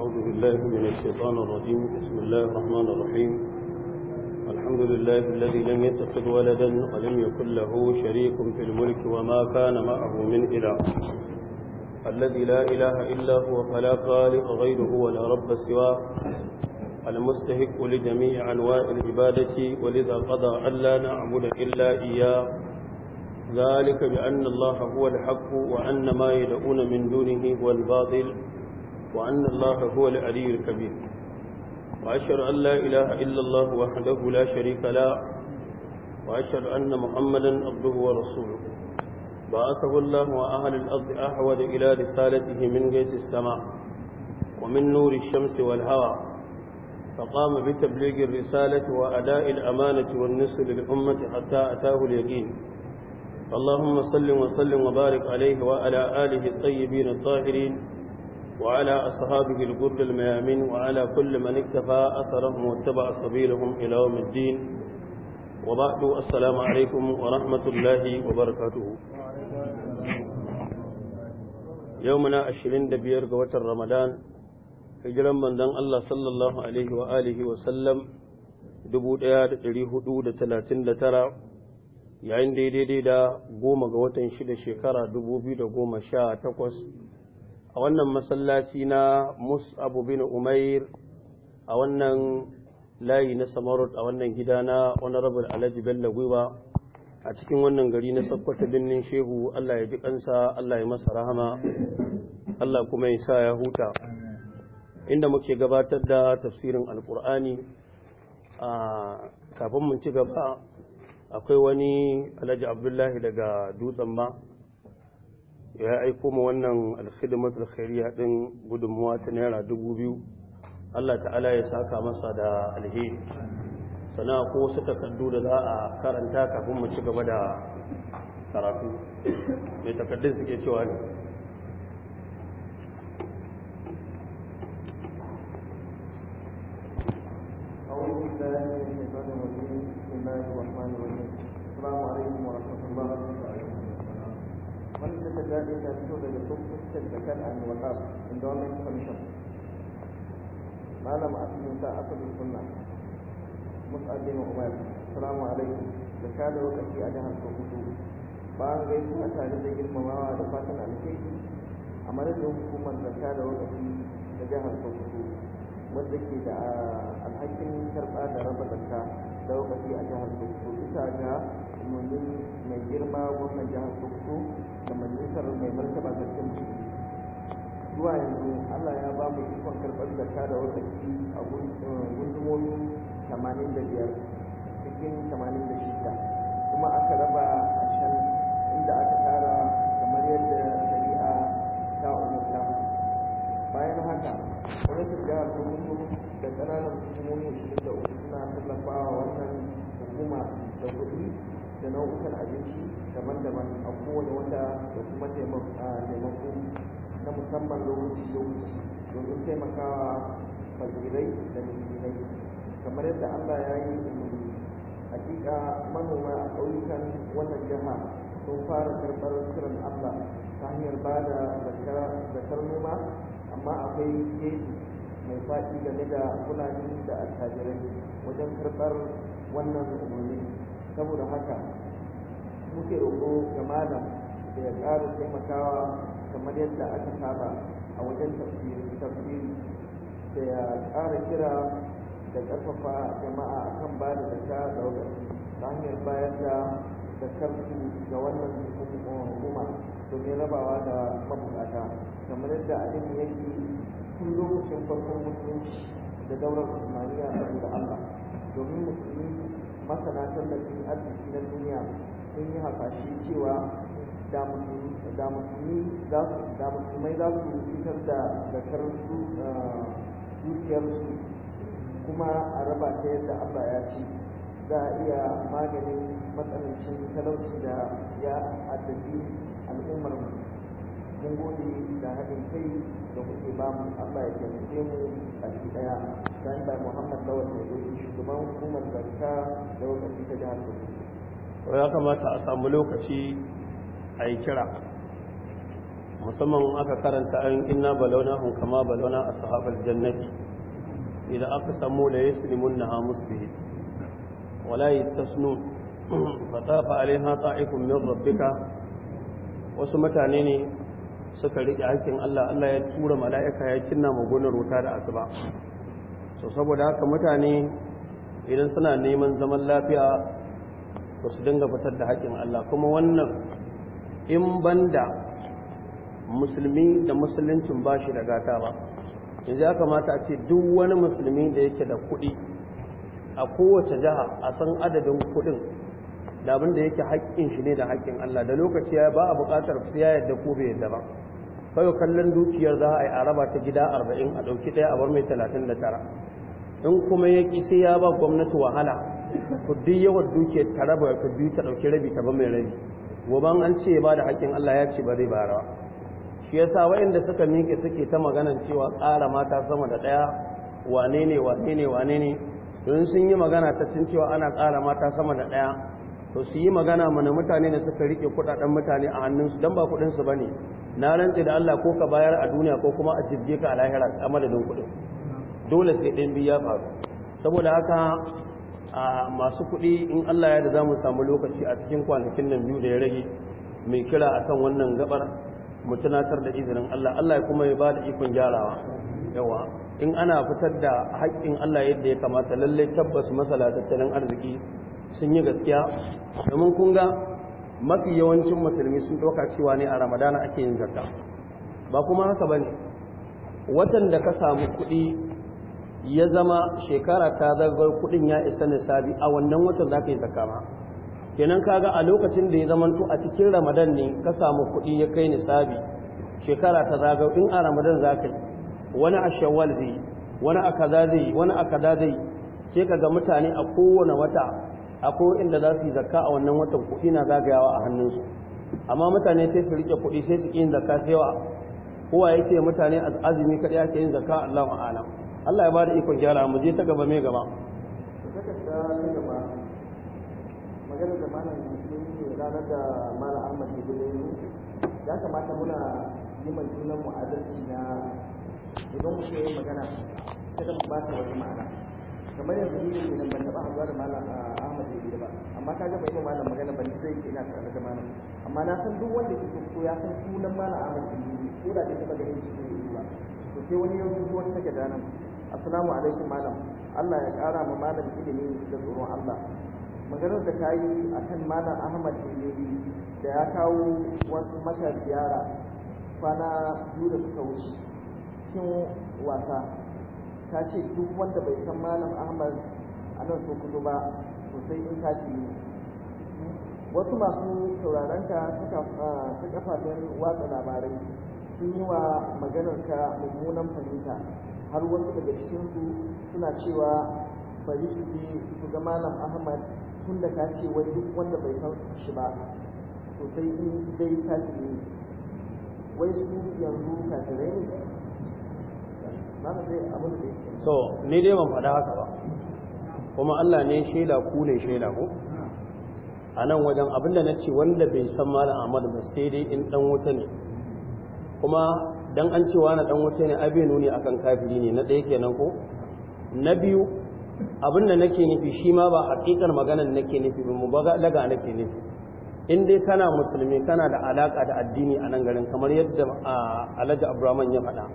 أعوذ بالله من الشيطان الرجيم بسم الله الرحمن الرحيم الحمد لله الذي لم يتخذ ولدا ولم يكن له شريك في الملك وما كان معه من إله الذي لا إله إلا هو فلا خالق غيره ولا رب سواه المستهك لجميع أنواع العبادة ولذا قضى ألا نعبد إلا إياه ذلك بأن الله هو الحق وأن ما يدعون من دونه هو الباطل وأن الله هو العلي الكبير وأشهد أن لا إله إلا الله وحده لا شريك له وأشهد أن محمدا عبده ورسوله بعثه الله وأهل الأرض أحوج إلى رسالته من جيش السماء ومن نور الشمس والهوى فقام بتبليغ الرسالة وأداء الأمانة والنصر للأمة حتى أتاه اليقين اللهم صل وسلم وبارك عليه وعلى آله الطيبين الطاهرين وعلى أصحابه الغر الميامين وعلى كل من اكتفى أثرهم واتبع سبيلهم إلى يوم الدين وبعد السلام عليكم ورحمة الله وبركاته يومنا عشرين دبير قوة رمضان hijiran manzon Allah sallallahu alaihi wa alihi wa sallam 1439 yayin daidai da goma ga watan shida shekara 2018 a wannan masallaci na Mus abu bin umair a wannan layi na samarot a wannan gida na honorable alhaji bello gwiwa a cikin wannan gari na sakkwata birnin shehu allah ya ji kansa allah ya masa rahama allah kuma ya sa ya huta inda muke gabatar da tafsirin alkur'ani a kafin mun ci gaba akwai wani alhaji abdullahi daga dutsen ba ya aiko ma wannan alkhidmat khairiyya din gudunmuwa ta naira dubu biyu Allah ta'ala ya saka masa da alheri sana ko su takardu da za a karanta kafin mu ci gaba da karatu mai takardun suke cewa ne السلام عليكم ورحمة الله wannan takarda ta fito daga tsofaffin zakar al-waqaf endowment commission malam asibin ta asibin sunna mus'ab bin umar assalamu alaikum zakka da wakati a jihar sokoto ba an bayan gaisuwa tare da girmamawa da fatan alheri a madadin hukumar da zakka da wakati da jihar sokoto wadda ke da alhakin karɓa da raba zakka da wakati a jihar sokoto bisa ga umarnin mai girma gwamnan jihar sokoto da majalisar mai martaba zargin zuwa yanzu allah ya ba mu ikon karɓar zakka da ki a eh, gundumomi 85 cikin 86 kuma aka raba a can inda aka tara kamar yadda shari'a ta umarta bayan haka gwamnatin jihar sokoto da ƙananan hukumomi da uku suna tallafawa wannan hukuma da kuɗi da nau'ukan abinci daban-daban a kowane wata da kuma taimako na musamman lokaci-lokaci domin taimakawa fajirai da musulmai kamar yadda allah ya yi umarni hakika manoma a ƙauyukan wannan jiha sun fara karɓar kiran allah ta hanyar ba da zakar noma amma akwai keji mai faɗi game da fulani da attajirai wajen karɓar wannan umarni saboda haka muke roƙo ga malam da ya ƙara taimakawa kamar yadda aka saba a wajen tafsiri da ya ƙara kira da ƙarfafa jama'a kan ba da zaka da ta hanyar bayar da zakarsu ga wannan hukuma domin rabawa da mabukata kamar yadda abin yake tun lokacin farkon musulunci da daular usmaniya da Allah domin musulmi masana tallafin arziki na duniya sun yi hasashe cewa da musulmai za su fitar da zakar su dukiyarsu kuma a raba ta yadda Allah ya ce za a iya maganin matsanancin talauci da ya addabi al'ummar mun gode da haɗin kai da kuke ba mu Allah ya taimake mu a shi ɗaya bayan bai Muhammad Lawal da shugaban hukumar zakka da wakati ta jihar Kudu. ya kamata a samu lokaci a yi kira musamman aka karanta an inna balona hun kama balona a sahabar jannati idan aka samu da ya sulimun na hamus bihi wala yi tasnu ha ta aikun min rabbika wasu mutane ne suka riƙe aikin Allah Allah ya tura mala'ika ya cinna magunar wuta da asuba so saboda haka mutane idan suna neman zaman lafiya ba su dinga fitar da haƙin Allah kuma wannan in banda musulmi da musuluncin ba shi da gata ba yanzu ya kamata a ce duk wani musulmi da yake da kuɗi a kowace jiha a san adadin kuɗin da abin da yake haƙƙin shi ne da haƙƙin Allah da lokaci ya ba a buƙatar ya yadda ko bai yadda ba kawai kallon dukiyar za a yi a raba ta gida arba'in a ɗauki ɗaya a bar mai talatin da tara in kuma ya ƙi sai ya ba gwamnati wahala ku duk yawan dukiyar ta raba ku biyu ta ɗauki rabi ta ba mai rabi goban an ce ba da haƙƙin Allah ya ce ba zai bara shi ya yasa waɗanda suka miƙe suke ta maganar cewa ƙara mata sama da ɗaya wane ne wane ne wane ne don sun yi magana ta cin cewa ana ƙara mata sama da ɗaya to su yi magana mana mutane da suka riƙe kuɗaɗen mutane a hannunsu don ba kuɗinsu ba ne na rantse da Allah ko ka bayar a duniya ko kuma a jibge ka a lahira a madadin kuɗin dole sai ɗin biya faru saboda haka a masu kuɗi in Allah ya da za mu samu lokaci a cikin kwanakin nan biyu da ya rage mai kira a kan wannan gabar mu tunatar da izinin Allah Allah ya kuma ya ba da ikon gyarawa yawa in ana fitar da haƙƙin Allah yadda ya kamata lallai tabbas masala tattalin arziki sun yi gaskiya domin kun mafi yawancin musulmi sun ɗauka cewa ne a ramadana ake yin zakka ba kuma haka ba ne watan da ka samu kuɗi ya zama shekara ta zagar kudin ya isa nisabi a wannan watan za ka yi zakama kenan kaga a lokacin da ya zamanto a cikin ramadan ne ka samu kudi ya kai nisabi shekara ta zagar in a ramadan za ka yi wani a shawwal zai wani a kaza zai wani a kaza zai sai ka ga mutane a kowane wata akwai inda za su yi zakka a wannan watan kuɗi na zagayawa a hannunsu amma mutane sai su rike kuɗi sai su ƙi yin zakka sai wa kowa yake mutane azumi kaɗai ake yin zakka Allah ma'ana Allah ya bada ikon gyara mu je ta gaba mai gaba magana da malam musulmi ranar da malam na ta ta kamar yanzu ne ne nan ban taba hazuwa da malam Ahmad Jibril ba amma kaga bai ma malam magana ban sai ke ina tare da malam amma na san duk wanda ke so ya san sunan malam Ahmad Jibril ko da bai taba ganin shi ba to sai wani ya rubuta wata take da nan assalamu alaikum malam Allah ya kara ma malam ilimi da tsoron Allah maganar da kayi akan malam Ahmad Tilebi da ya kawo wasu mata ziyara kwana biyu da suka wuce cikin wasa ta ce duk wanda bai san malam Ahmad a nan kudu ba sosai in ka ne wasu masu sauraron ka ah, ta kafafen watsa labarai sun yi wa maganar ka mummunan fahimta har wasu daga cikinsu suna cewa bari su je su ga malam ahmad tun da ka ce wai duk wanda bai san shi ba to sai in dai ka ce wai su yanzu tare ne ba ka sai abin da so ni dai ban faɗa haka ba kuma Allah ne shaida ku ne shaida ko a nan wajen abinda na ce wanda bai san malam ahmad ba sai dai in dan wuta ne kuma dan an ce wani dan wuce ne abin nuni akan kafiri ne na ɗaya kenan ko na biyu abin da nake nufi shi ma ba hakikar maganar nake nufi ba mu daga nake nufi in dai kana musulmi kana da alaka da addini a nan garin kamar yadda alhaji abraman ya faɗa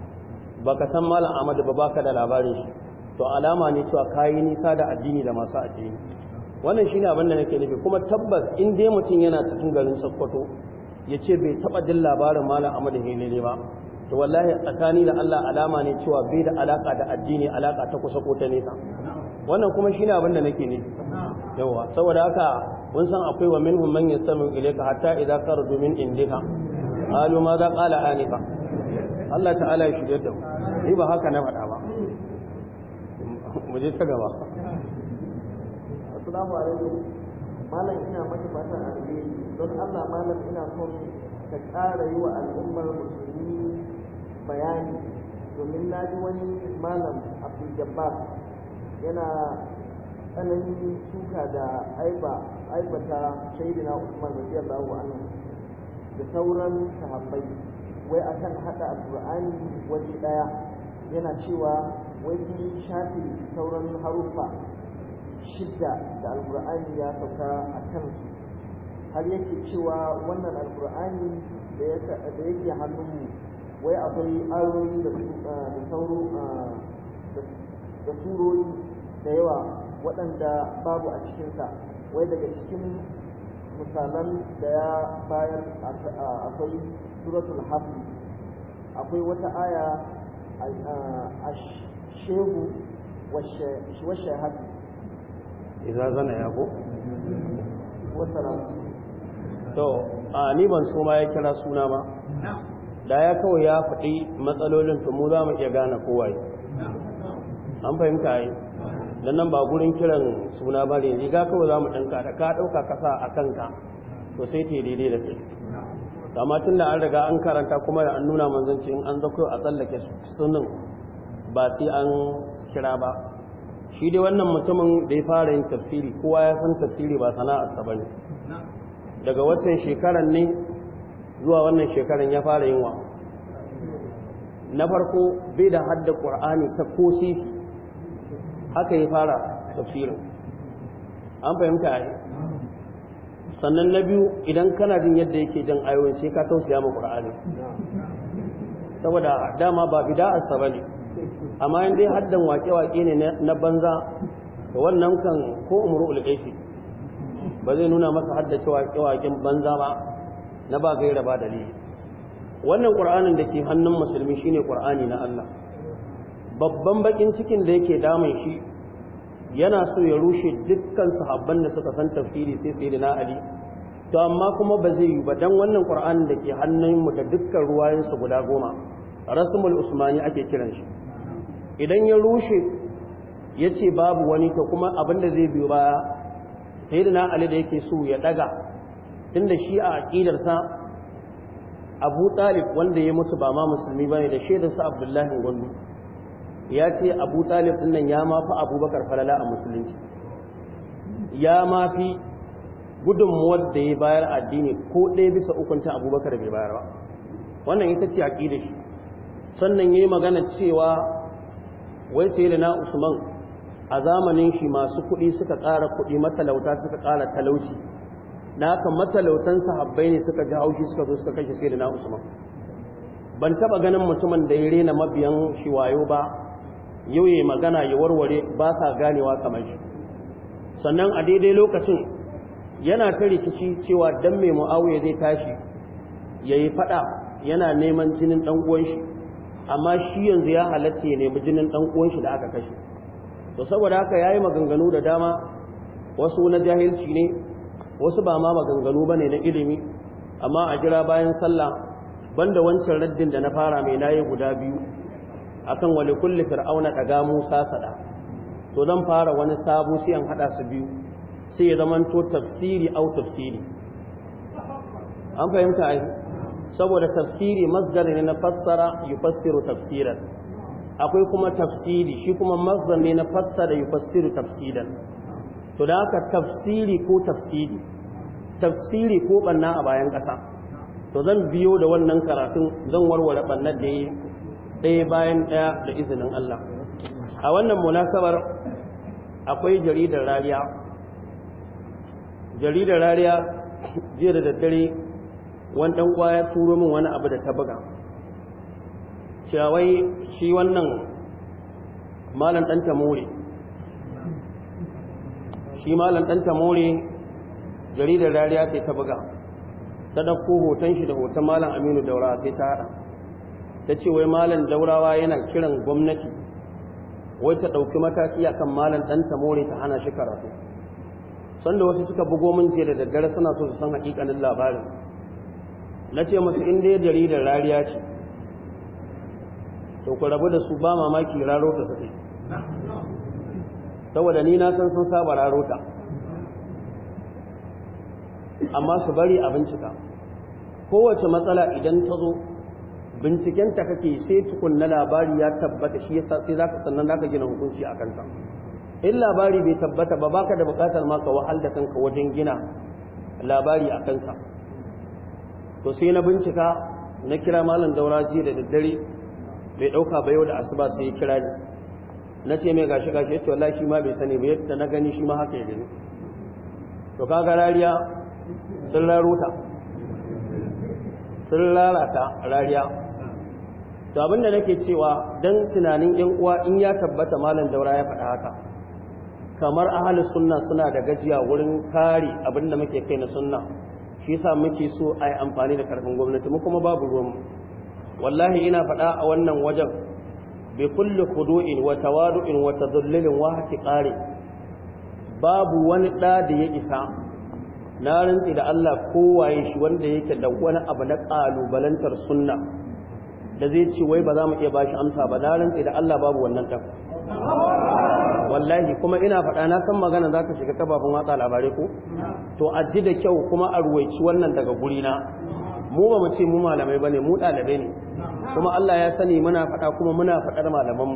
baka san malam ahmad ba baka da labarin shi to alama ne cewa kayi nisa da addini da masu addini wannan shine abin da nake nufi kuma tabbas in dai mutum yana cikin garin sokoto ya ce bai taɓa jin labarin malam ahmad hele ba to wallahi tsakani da Allah alama ne cewa bai da alaka da addini alaka ta kusa ko ta nesa wannan kuma shine abin da nake ne yawa saboda haka mun san akwai wa minhum man yastami ilayka hatta idza qardu min indika qalu ma za qala anika Allah ta'ala ya shige da ni ba haka na faɗa ba mu je ta gaba assalamu alaikum malam ina maka fatan alheri don Allah malam ina son ka ƙara yi wa al'ummar musulmi bayani domin na ji wani malam abdul yana tsananin suka da aibata shaidina usman da anhu da sauran sahabbai wai akan hada alqur'ani waje ɗaya, yana cewa wai shafi sauran haruffa shidda da alqur'ani ya sauka a kansu har yake cewa wannan alqur'ani da yake hannunmu wai akwai ayoyi da ah, sauro ah, da surori da yawa waɗanda babu a cikinsa wai daga cikin misalan da ya bayar akwai suratul hafi akwai wata aya a ah, shehu washe hafi idan zana ya ko? wasu to a ni ban so ma ya kira suna ba da ya kawai ya faɗi matsalolin to mu za mu iya gane kowa an fahimta yi don nan ba gurin kiran suna ba ne riga kawai za mu ɗanka da ka ɗauka kasa a kanka to sai ta daidai da kai amma tun da an riga an karanta kuma da an nuna manzanci in an zakoyo a tsallake sunan ba sai an kira ba shi dai wannan mutumin da ya fara yin tafsiri kowa ya san tafsiri ba sana'arsa ba ne daga watan shekaran ne zuwa wannan shekaran ya fara yin wa na farko bai da hadda ƙwar'ani ta kosi aka haka fara tafsirin an fahimta yi. sannan na biyu idan kana jin yadda yake jan ayoyin sai ka tausaya ma ƙwar'ani saboda dama ba saba ne. amma yin dai haddan wake-wake ne na banza da wannan kan ko umaru ulƙaifi ba zai nuna masa haddace wake-waken banza ba na ba gaira ba dalili wannan qur'anin da ke hannun musulmi shine qur'ani na Allah babban bakin cikin da yake damun shi yana so ya rushe dukkan sahabban da suka san tafsiri sai sai da na Ali to amma kuma ba zai yi ba dan wannan qur'anin da ke hannun mu da dukkan ruwayensa guda goma rasmul usmani ake kiran shi idan ya rushe ya babu wani to kuma abin da zai biyo baya sai ali da yake so ya daga tunda shi a aqidarsa Abu Talib wanda ya mutu ba ma musulmi bane da shaidarsa Abdullahi Gondo ya ce Abu Talib din nan ya ma Abubakar falala a musulunci ya mafi fi gudunmuwar da ya bayar addini ko ɗaya bisa ukunta Abubakar bai bayar ba wannan ita ce aqidar shi sannan yayi magana cewa wai sai da na Usman a zamanin shi masu kuɗi suka ƙara kuɗi matalauta suka ƙara talauci da haka matalautan sahabbai ne suka ji haushi suka zo suka kashe sai da na usman ban taba ganin mutumin da ya rena mabiyan shi wayo ba yau ya magana ya warware ba sa ganewa kamar shi sannan a daidai lokacin yana ta rikici cewa dan mai mu'awiya zai tashi ya yi faɗa yana neman jinin ɗan uwan shi amma shi yanzu ya halatta ya nemi jinin ɗan uwan shi da aka kashe to saboda haka ya yi maganganu da dama wasu na jahilci ne wasu ba ma maganganu ba ne na ilimi amma a jira bayan sallah banda wancan raddin da na fara mai layi guda biyu akan wani kulli fir'auna ɗaga Musa saɗa, to zan fara wani sabo sai an hada su biyu sai ya zama to tafsiri au tafsiri an fahimta ai saboda tafsiri masdar ne na fassara yufassiru tafsiran akwai kuma tafsiri shi kuma masdar ne na fassara yufassiru tafsiran to da haka tafsiri ko tafsiri tafsiri ko banna a bayan ƙasa to zan biyo da wannan karatun zan warware bannar da yi ɗaya bayan ɗaya da izinin Allah a wannan munasabar akwai jaridar rariya jaridar rariya jiya da daddare wani ya turo min wani abu da ta buga cewa shi wannan malam ɗan tamori shi malam ɗanta more jaridar rariya sai ta buga ta ɗauko hoton shi da hoton malam aminu daura sai ta haɗa ta ce wai malam daurawa yana kiran gwamnati wai ta ɗauki mataki a kan malam ɗanta more ta hana shi karatu sanda wasu suka bugo min jiya da daddare suna so su san haƙiƙanin labarin na ce masu inda ya jaridar rariya ce to ku rabu da su ba mamaki raro ta sake saboda ni na san sun saba rarota amma su bari a bincika kowace matsala idan ta zo bincikenta kake sai tukun na labari ya tabbata shi yasa sai zaka sannan zaka gina hukunci a kanta in labari bai tabbata ba baka da bukatar ma ka wahal da kanka wajen gina labari a kansa to sai na bincika na kira malam daura jiya da daddare bai dauka ba yau da asuba sai ya kira na ce mai gashi gashi yace wallahi shi ma bai sani ba yadda na gani shi ma haka ya gani to kaga rariya sun laruta sun lalata rariya to abinda nake cewa dan tunanin yan uwa in ya tabbata malam daura ya faɗa haka kamar ahli sunna suna da gajiya wurin kare abinda muke kai na sunna shi yasa muke so a yi amfani da karfin gwamnati mu kuma babu ruwan wallahi ina faɗa a wannan wajen bi kulli khudu'in wa tawadu'in wa tadhallulin wa hatiqari babu wani da da ya isa na rantsi da Allah kowaye shi wanda yake da wani abu na kalubalantar sunna da zai ce wai ba za mu iya bashi amsa ba na da Allah babu wannan dan wallahi kuma ina faɗa na san magana za ka shiga kafafin watsa labarai ko to a ji da kyau kuma a ruwaici wannan daga gurina mu ba mu ce mu malamai ba ne mu ɗalibai ne kuma Allah ya sani muna faɗa kuma muna faɗar malaman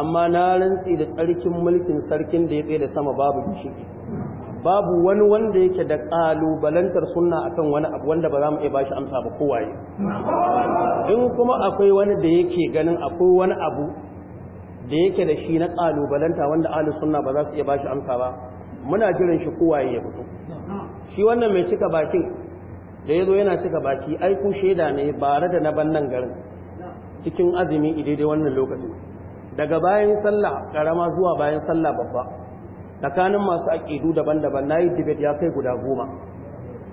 amma na rantsi da tsarkin mulkin sarkin da ya tsaye da sama babu shi. babu wani wanda yake da ƙalubalantar sunna akan wani abu wanda ba za mu iya bashi amsa ba kowaye in kuma akwai wani da yake ganin akwai wani abu da yake da shi na ƙalubalanta wanda ahli sunna ba za su iya bashi amsa ba muna jiran shi kowaye ya fito shi wannan mai cika bakin da ya zo yana cika baki ai ku shaida ne bare da na bannan garin cikin azumi idai wannan lokacin daga bayan sallah karama zuwa bayan sallah babba tsakanin masu aƙidu daban-daban na yi ya kai guda goma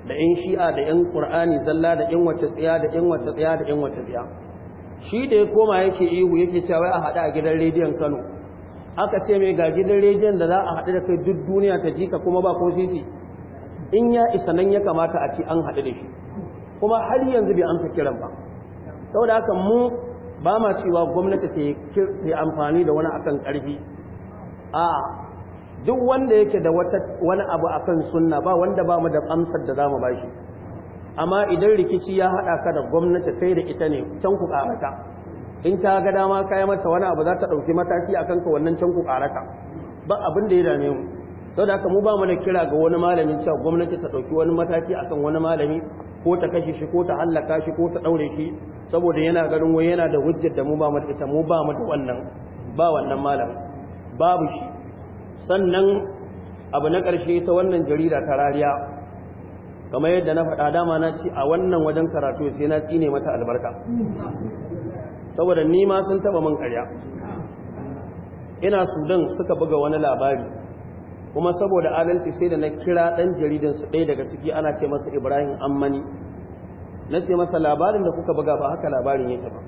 da in shi'a da in ƙur'ani zalla da in wacce tsiya da in wacce tsiya da in wacce tsiya. shi da ya koma yake ihu yake cewa a hada a gidan rediyon kano aka ce mai ga gidan rediyon da za a haɗu da kai duk duniya ta jika kuma ba ko sisi in ya isa nan ya kamata a ce an haɗu da shi kuma har yanzu bai amsa kiran ba saboda haka mu ba ma cewa gwamnati ta yi amfani da wani akan ƙarfi a duk wanda yake da wani abu akan sunna ba wanda ba mu da amsar da za mu ba shi amma idan rikici ya haɗa ka da gwamnati kai da ita ne can ku ƙarata in ta ga dama kayan mata wani abu za ta ɗauki mataki a kanka wannan can ku ƙarata ba abin da ya dame mu sau da aka mu ba mu da kira ga wani malamin cewa gwamnati ta ɗauki wani mataki a kan wani malami ko ta kashe shi ko ta hallaka shi ko ta ɗaure shi saboda yana ganin wani yana da hujjar da mu ba mu da mu ba mu da wannan ba wannan malam babu shi sannan abu na ƙarshe ta wannan jarida ta rariya kamar yadda na faɗa dama na ci a wannan wajen karatu sai na tsine mata albarka saboda ni ma sun taɓa man ƙarya ina sudan suka buga wani labari kuma saboda adalci sai da na kira ɗan jaridan su ɗaya daga ciki ana ce masa ibrahim ammani na ce masa labarin da kuka buga ba haka labarin yake ba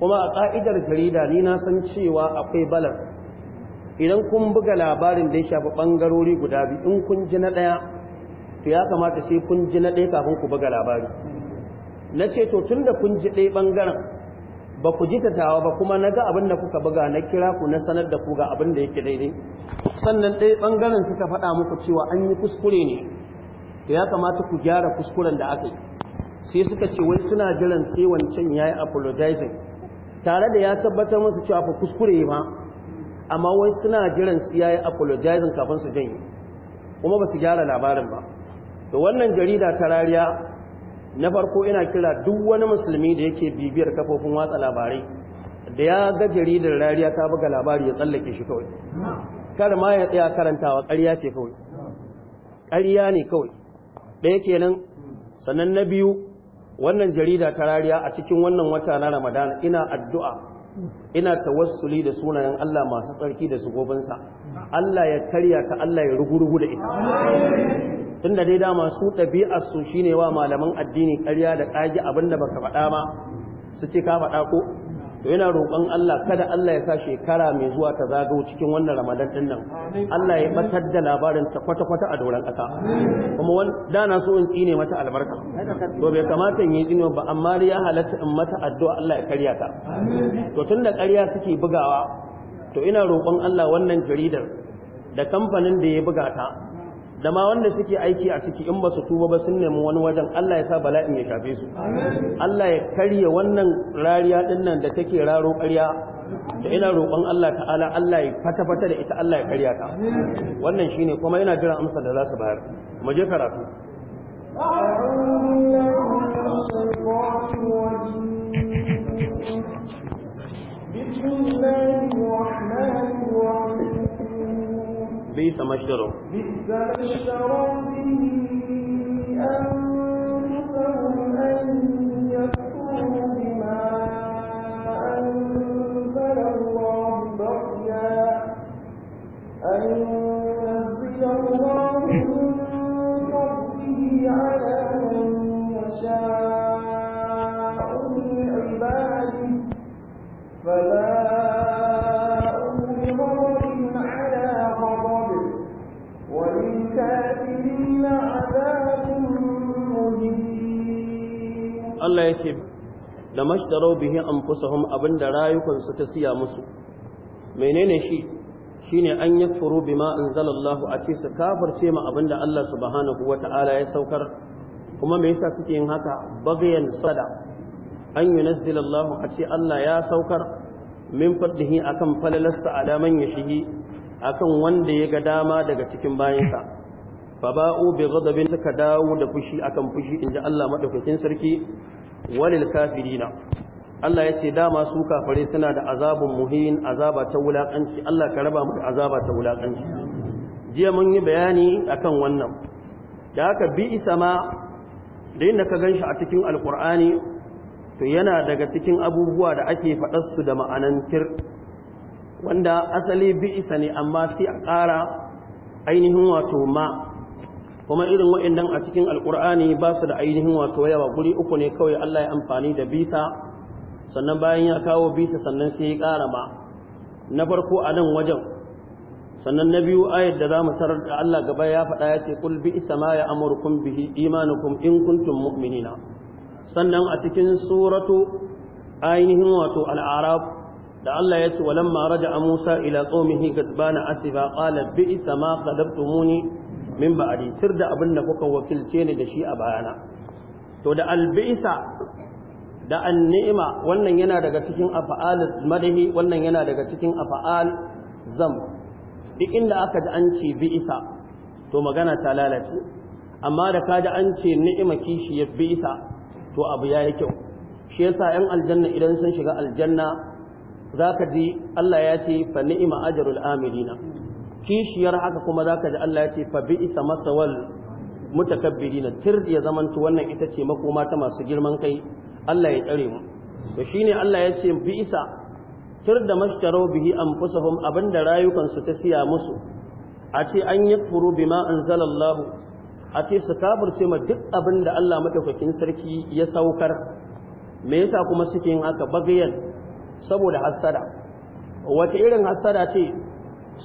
kuma a ka'idar jarida ni na san cewa akwai balance idan kun buga labarin da ya shafi ɓangarori guda biyu in kun ji na ɗaya to ya kamata sai kun ji na ɗaya kafin ku buga labari na ce to tun da kun ji ɗaya ɓangaren ba ku ji tawa ba kuma na ga abin da kuka buga na kira ku na sanar da ku ga abin da yake daidai sannan ɗaya ɓangaren suka faɗa muku cewa an yi kuskure ne da ya kamata ku gyara kuskuren da aka yi sai suka ce wai suna jiran sai wancan ya yi apologizing tare da ya tabbatar musu cewa fa kuskure ma amma wai suna jiran sai ya yi apologizing kafin su janye kuma ba su gyara labarin ba To wannan jarida ta rariya na farko ina kira duk wani musulmi da yake bibiyar kafofin watsa labarai da ya ga jaridar rariya ta buga labari ya tsallake shi kawai kar ma ya tsaya karantawa ƙarya ce kawai ƙarya ne kawai ɗaya kenan sannan na biyu wannan jarida ta rariya a cikin wannan wata na ramadana ina addu'a ina tawassuli da sunayen Allah masu tsarki da su gobinsa. Allah ya karya ta Allah ya rugurugu da ita Tunda da dai dama su ɗabi'ar su shine wa malaman addini ƙarya da ƙage abinda da baka faɗa ba su ce ka faɗa ko to yana roƙon Allah kada Allah ya sa shekara mai zuwa ta zago cikin wannan Ramadan din nan Allah ya batar da labarin ta kwata kwata a doron ƙasa kuma wani da na so in tsine mata albarka to bai kamata in yi tsine ba amma ya halatta in mata addu'a Allah ya karya ta to tunda ƙarya suke bugawa to ina roƙon Allah wannan jaridar da kamfanin da ya buga ta da ma wanda suke aiki a ciki in ba su tuba ba sun nemi wani wajen Allah ya sa bala'in ya shafe su Allah ya karye wannan rariya din nan da take raro ƙarya da ina roƙon Allah ta'ala Allah ya fata-fata da ita Allah ya karya ta wannan shine kuma yana jira amsa da za su bayar mu je karatu بسم بيس ما اشتروا بئس ما da mashtarau bihi anfusahum abinda rayukan su ta siya musu menene shi shine an yakfuru bima anzalallahu a ce su kafirce ma da Allah subhanahu wata'ala ya saukar kuma me yasa suke yin haka bagayen sada an yunazzilallahu a ce Allah ya saukar min fadlihi akan falalasta alaman yashihi akan wanda ya ga dama daga cikin bayansa ba'u bi ghadabin suka dawo da fushi akan fushi inji Allah madaukakin sarki walil kafirina Allah ya ce dama su kafare suna da azabun muhin azaba ta wulakanci Allah ka raba mu azaba ta wulakanci jiya mun yi bayani akan wannan da haka bi isa ma da inda ka ganshi a cikin alkur'ani to yana daga cikin abubuwa da ake faɗar su da ma'anantir wanda asali bi isa ne amma sai a ƙara ainihin wato ma kuma irin wa'annan a cikin alkur'ani ba su da ainihin wato yawa guri uku ne kawai Allah ya amfani da bisa sannan bayan ya kawo bisa sannan sai ya ƙara ba na farko a nan wajen sannan na biyu ayat da za mu tarar da Allah gaba ya faɗa ya ce kul bi isa ma ya amurkum bihi imanukum in kuntum mu'minina sannan a cikin suratu ainihin wato al'arab da Allah ya ce walamma a Musa ila qaumihi gadbana asiba qala bi isa ma qadabtumuni min a tir da abin da kuka wakilce ni da shi a bayana to da albisa da annima wannan yana daga cikin afa'al madahi wannan yana daga cikin afa'al zam duk inda aka ji an ce bi'isa to magana ta lalace amma da ka ji an ce ni'ima kishi ya bi'isa to abu yi kyau shi yasa yan aljanna idan sun shiga aljanna zaka ji Allah ya ce fa ni'ima ajrul amilina kishiyar haka kuma za ka ji Allah ya ce fa bi'sa masawal na? tir ya zamanta wannan ita ce makoma ta masu girman kai Allah ya tsare mu to shine Allah ya ce isa tir da mashtarau bihi anfusahum abinda rayukansu ta siya musu a ce an yi furu bima anzalallahu a ce su kafirce ma duk abinda Allah madaukakin sarki ya saukar me yasa kuma suke yin haka bagayen saboda hassada. wace irin hassada ce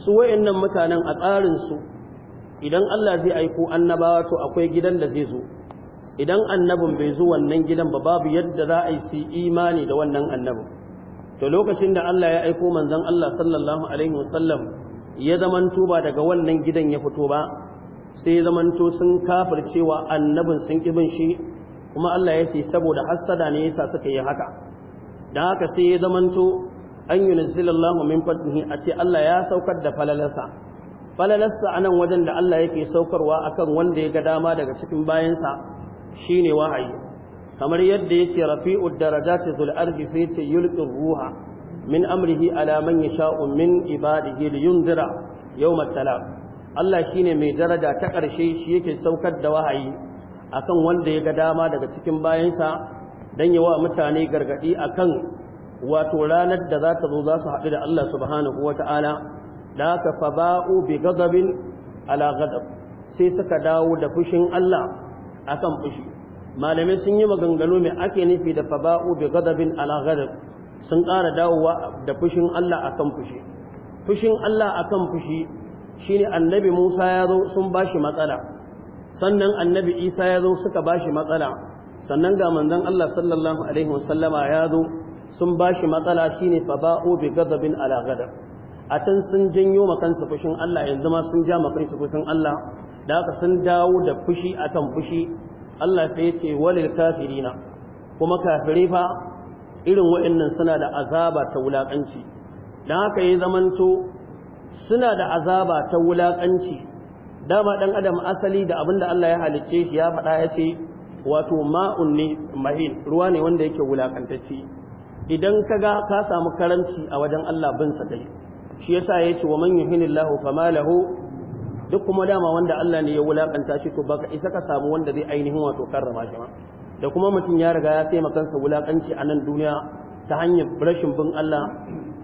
su wayannan mutanen a tsarin su idan Allah zai aiko annabawa to akwai gidan da zai zo idan annabin bai zo wannan gidan ba babu yadda za a yi su imani da wannan annabin to lokacin da Allah ya aiko manzon Allah sallallahu alaihi wasallam ya zamanto ba daga wannan gidan ya fito ba sai zamanto sun kafircewa annabin sun kibin shi kuma Allah ya ce saboda hassada ne yasa suka yi haka dan haka sai ya zamanto an yunzilallahu min fadlihi a ce Allah ya saukar da falalarsa falalarsa anan wajen da Allah yake saukarwa akan wanda ya ga dama daga cikin bayansa shine wahayi kamar yadda yake rafi'ud darajati zul ardi sai ce yulkin ruha min amrihi ala man yasha'u min ibadihi liyunzira yawmat talaq Allah shine mai daraja ta ƙarshe shi yake saukar da wahayi akan wanda ya ga dama daga cikin bayansa dan yawa mutane gargadi akan wato ranar da za ta zo za su haɗu da Allah subhanahu Ta'ala, da haka Faba'u ba'u bi ghadabin ala sai suka dawo da fushin Allah akan fushi malamai sun yi maganganu mai ake nufi da Faba'u ba'u bi ghadabin ala sun ƙara dawowa da fushin Allah akan fushi fushin Allah akan fushi shi ne annabi Musa ya zo sun ba shi matsala sannan annabi Isa ya zo suka ba shi matsala sannan ga manzon Allah sallallahu alaihi wasallama ya zo sun ba shi matsala ne fa ba'o bi ghadabin ala ghadab a can sun janyo ma kansu fushin Allah yanzu ma sun ja ma kansu fushin Allah da haka sun dawo da fushi a kan fushi Allah sai ya ce walil kafirina kuma kafirai fa irin waɗannan suna da azaba ta wulakanci dan haka ya zamanto suna da azaba ta wulakanci dama dan adam asali da abinda Allah ya halicce shi ya faɗa ya ce wato ma'un ne mahin ruwa ne wanda yake wulakantacce idan ka ga ka samu karanci a wajen Allah bin sa kai shi yasa yace wa man yuhinillahu fama lahu duk kuma dama wanda Allah ne ya wulakanta shi to baka isa ka samu wanda zai ainihin wato karrama shi ma da kuma mutum ya riga ya taimaka sa wulakanci a nan duniya ta hanyar rashin bin Allah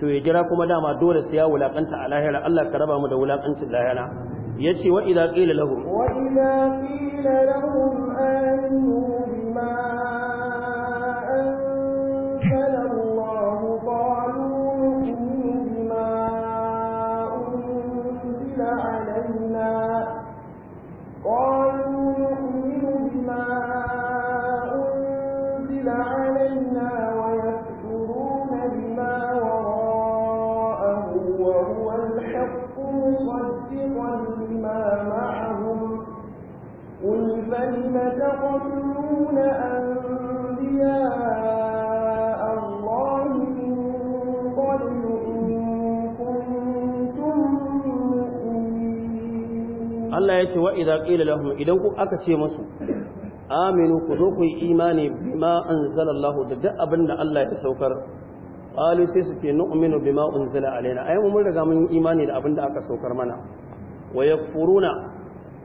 to ya jira kuma dama dole sai ya wulakanta a lahira Allah ka raba mu da wulakancin lahira yace wa idza qila lahum wa idza qila lahum aminu فلو Allah ya ce wa idza idan ku aka ce masu aminu ku zo ku yi imani bima anzalallahu da duk abin da Allah ya saukar qalu sai su ce nu'minu bima unzila alaina ai mun riga mun imani da abin da aka saukar mana wa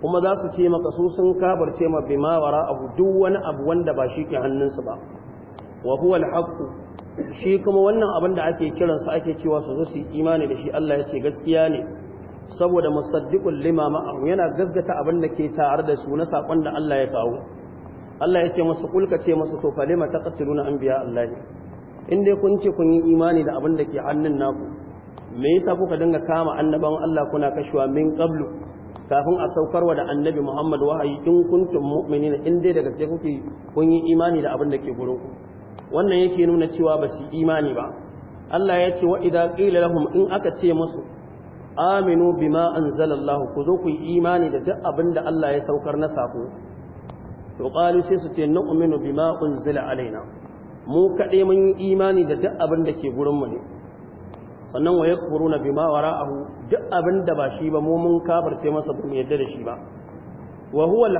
kuma za su ce maka su sun kabarce ma bima wara abu duk wani abu wanda ba shi ke hannunsu ba wa huwa al shi kuma wannan abin da ake kiransu ake cewa su zo su yi imani da shi Allah ya ce gaskiya ne saboda musaddiqul lima ma'ahu yana gaskata abin da ke tare da su na sakon da Allah ya kawo Allah ya ce masa kulka ce masa to falima taqtuluna anbiya Allah in dai kun ce kun yi imani da abin da ke hannun naku me yasa kuka dinga kama annaban Allah kuna kashewa min qablu kafin a saukar wa da annabi Muhammad wahayi in kuntum mu'minina in dai daga sai kuke kun yi imani da abin da ke gurin ku wannan yake nuna cewa ba su imani ba Allah ya ce wa idza qila lahum in aka ce musu aminu bima anzalallahu ku zo ku yi imani da duk abin da Allah ya saukar na sako to sai su ce nu'minu bima unzila alaina mu kaɗai mun yi imani da duk abin da ke gurinmu ne sannan wa yakfuruna bima wara'ahu duk abin da ba shi ba mu mun kafirce masa ba mu yadda da shi ba wa huwa al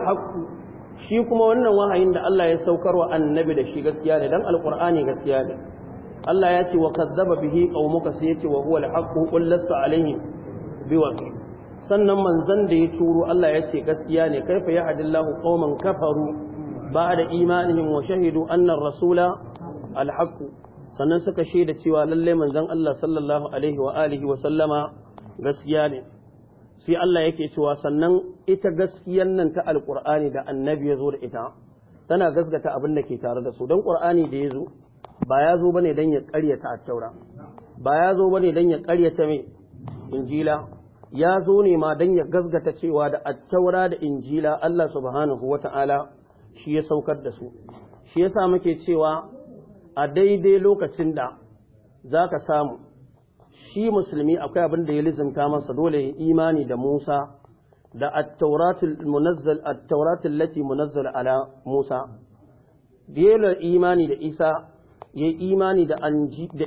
shi kuma wannan wahayin da Allah ya saukar wa annabi da shi gaskiya ne dan alqur'ani gaskiya ne Allah ya ce wa kazzaba bihi qaumuka sai yace wa huwa alhaqqu qul lastu alaihim biwaki sannan manzon da ya turo Allah ya ce gaskiya ne kaifa ya hadillahu qauman kafaru da imanihim wa shahidu anna rasula alhaq sannan suka shaida cewa lalle manzon Allah sallallahu alaihi wa alihi wa sallama gaskiya ne sai Allah yake cewa sannan ita gaskiyan nan ta alqur'ani da annabi ya zo da ita tana gaskata abin da ke tare da su don qur'ani da ya zo ba ya zo bane dan ya karyata a taura ba ya zo bane dan ya ƙaryata mai injila ya zo ne ma don ya gazgata cewa da attaura da injila Allah subhanahu wa ta'ala shi ya saukar da su shi ya samu muke cewa a daidai lokacin da za ka samu shi musulmi akwai abin da ya lizimta masa dole ya imani da Musa da attauratun lati munazzal ala Musa dole imani da Isa ya imani da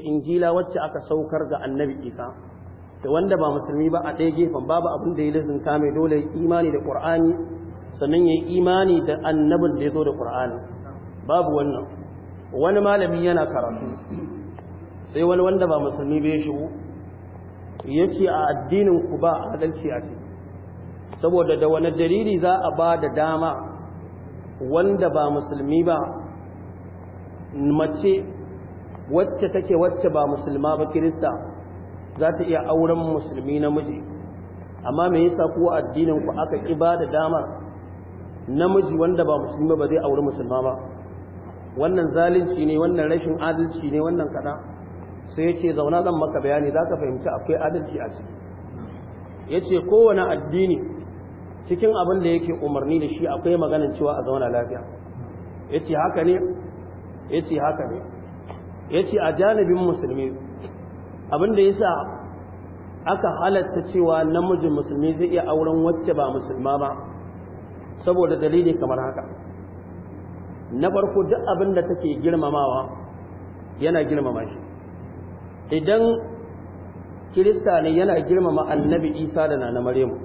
injila wacce aka saukar ga annabi Isa da wanda ba musulmi ba a ɗaya gefen babu abin da ya lazin kame dole imani da ƙur'ani sannan ya imani da annabin da ya zo da ƙur'ani babu wannan wani malami yana karatu sai wani wanda ba musulmi ba ya shigo ya ce a addinin ku ba adalci a ce saboda da wani dalili za a ba da dama wanda ba musulmi ba mace wacce take wacce ba musulma ba kirista za ta iya auren musulmi namiji amma me yasa ku addinin ku aka ibada dama namiji wanda ba musulmi ba zai auri musulma ba wannan zalunci ne wannan rashin adalci ne wannan kada sai yace zauna zan maka bayani zaka fahimci akwai adalci a ciki yace kowane addini cikin abin da yake umarni da shi akwai maganin cewa a zauna lafiya yace haka ne yace haka ne yace a janibin musulmi abin da yasa aka halatta cewa namijin musulmi zai iya auren wacce ba musulma ba saboda dalili kamar haka na farko duk abin da take girmamawa yana girmama shi idan kirista ne yana girmama annabi isa da na maryamu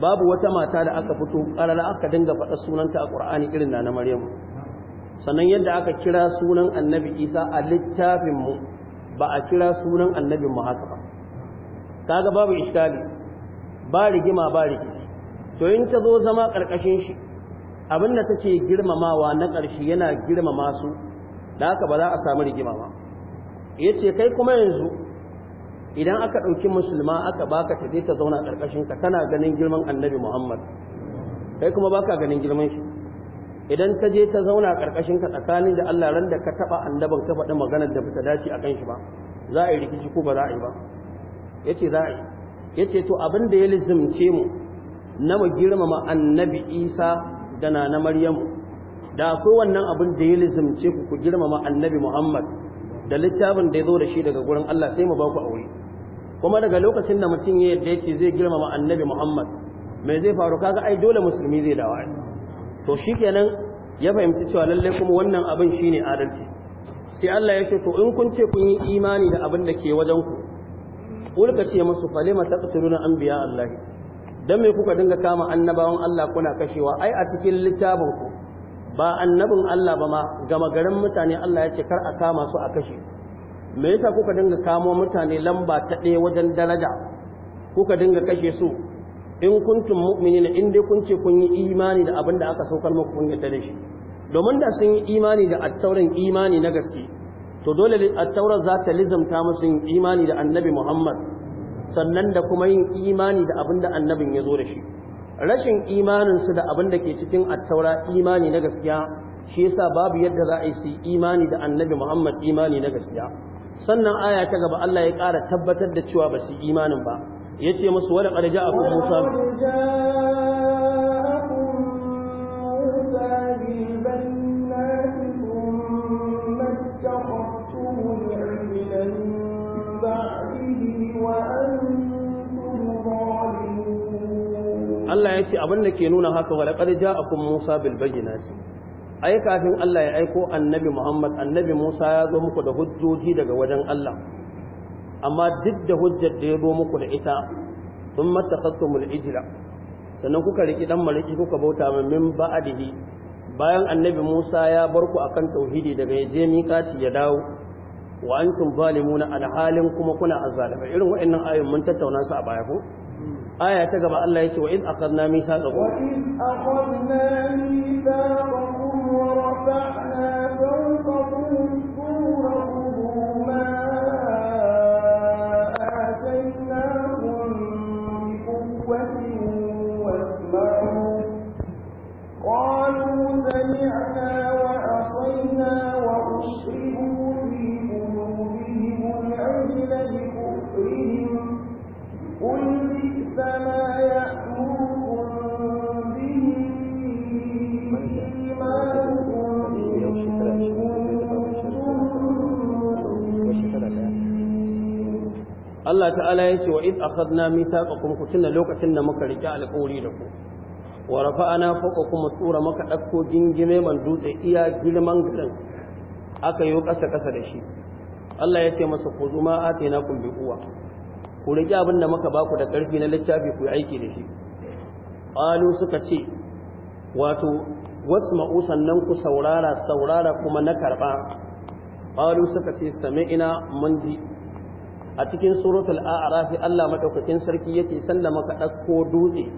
babu wata mata da aka fito karara aka dinga faɗa sunanta a ƙur'ani irin na na sannan yadda aka kira sunan annabi isa a littafinmu ba a kira sunan annabin mu haka ba kaga babu iskali ba rigima ba rigima. to in ta zo zama karkashin shi abin da take girmamawa na ƙarshe yana girmama su da haka ba za a samu rigima ba yace kai kuma yanzu idan aka ɗauki musulma aka baka ta je ta zauna ƙarƙashin ka kana ganin girman annabi Muhammad kai kuma baka ganin girman shi idan ka je ta zauna karkashin ka tsakanin da Allah ran da ka taba annaban ka faɗi maganar da bata dace akan shi ba za a yi rikici ko ba za a yi ba yace za a yi yace to abin da ya lizimce mu na mu girmama annabi Isa da na na Maryamu da akwai wannan abin da ya lizimce ku ku girmama annabi Muhammad da littafin da ya zo da shi daga gurin Allah sai mu ba ku aure kuma daga lokacin da mutum ya yadda yace zai girmama annabi Muhammad mai zai faru kaga ai dole musulmi zai dawo to shi kenan ya fahimci cewa lallai kuma wannan abin shi ne adalci sai Allah ya ce to in kun ce kun yi imani da abin da ke wajen ku ulka ce musu falima taqtuluna anbiya Allah dan me kuka dinga kama annabawan Allah kuna kashewa ai a cikin littafin ku ba annabin Allah ba ma gama garin mutane Allah ya ce kar a kama su a kashe me yasa kuka dinga kamo mutane lamba ta ɗaya wajen daraja kuka dinga kashe su in kuntum mu'minina in dai kun ce kun yi imani da abin da aka saukar muku kun yarda da shi domin da sun yi imani da attauran imani na gaske to dole attaurar za ta lizamta musu yin imani da annabi Muhammad sannan da kuma yin imani da abin da annabin ya zo da shi rashin imanin su da abin da ke cikin attaura imani na gaskiya shi yasa babu yadda za a yi su imani da annabi Muhammad imani na gaskiya sannan aya ta gaba Allah ya ƙara tabbatar da cewa ba su imanin ba ya ce musu wadda ƙarja a kuma musa Allah ya ce abin da ke nuna haka wadda ƙarja a kuma musa bilbayyana ce ai kafin Allah ya aiko annabi Muhammad annabi Musa ya zo muku da hujjoji daga wajen Allah amma duk da hujjar da ya zo muku da ita sun matakastumul ijila sannan kuka riki ɗan mariki kuka bauta min min ba'dihi bayan annabi Musa ya bar ku akan tauhidi daga ya je miƙaci ya dawo wa an antum zalimuna alhalin kuma kuna azalima irin waɗannan ayoyin mun tattauna su a baya ko aya ta gaba Allah yake wa id aqadna mithaqakum wa id aqadna mithaqakum wa rafa'na fawqakum ta'ala ce wa id akhadna mithaqakum kutunna lokacin da muka rike alƙawari da ku wa rafa'ana fawqakum tsura maka dakko gingime man dutse iya girman gidan aka yi ƙasa ƙasa da shi Allah ya ce masa ku zuma kun bi quwwa ku rike abin da muka ku da ƙarfi na littafi ku yi aiki da shi qalu suka ce wato wasma'u sannan ku saurara saurara kuma na karba qalu suka ce sami'ina mun ji a cikin suratul a'raf Allah madaukakin sarki yake sanda maka dakko dutse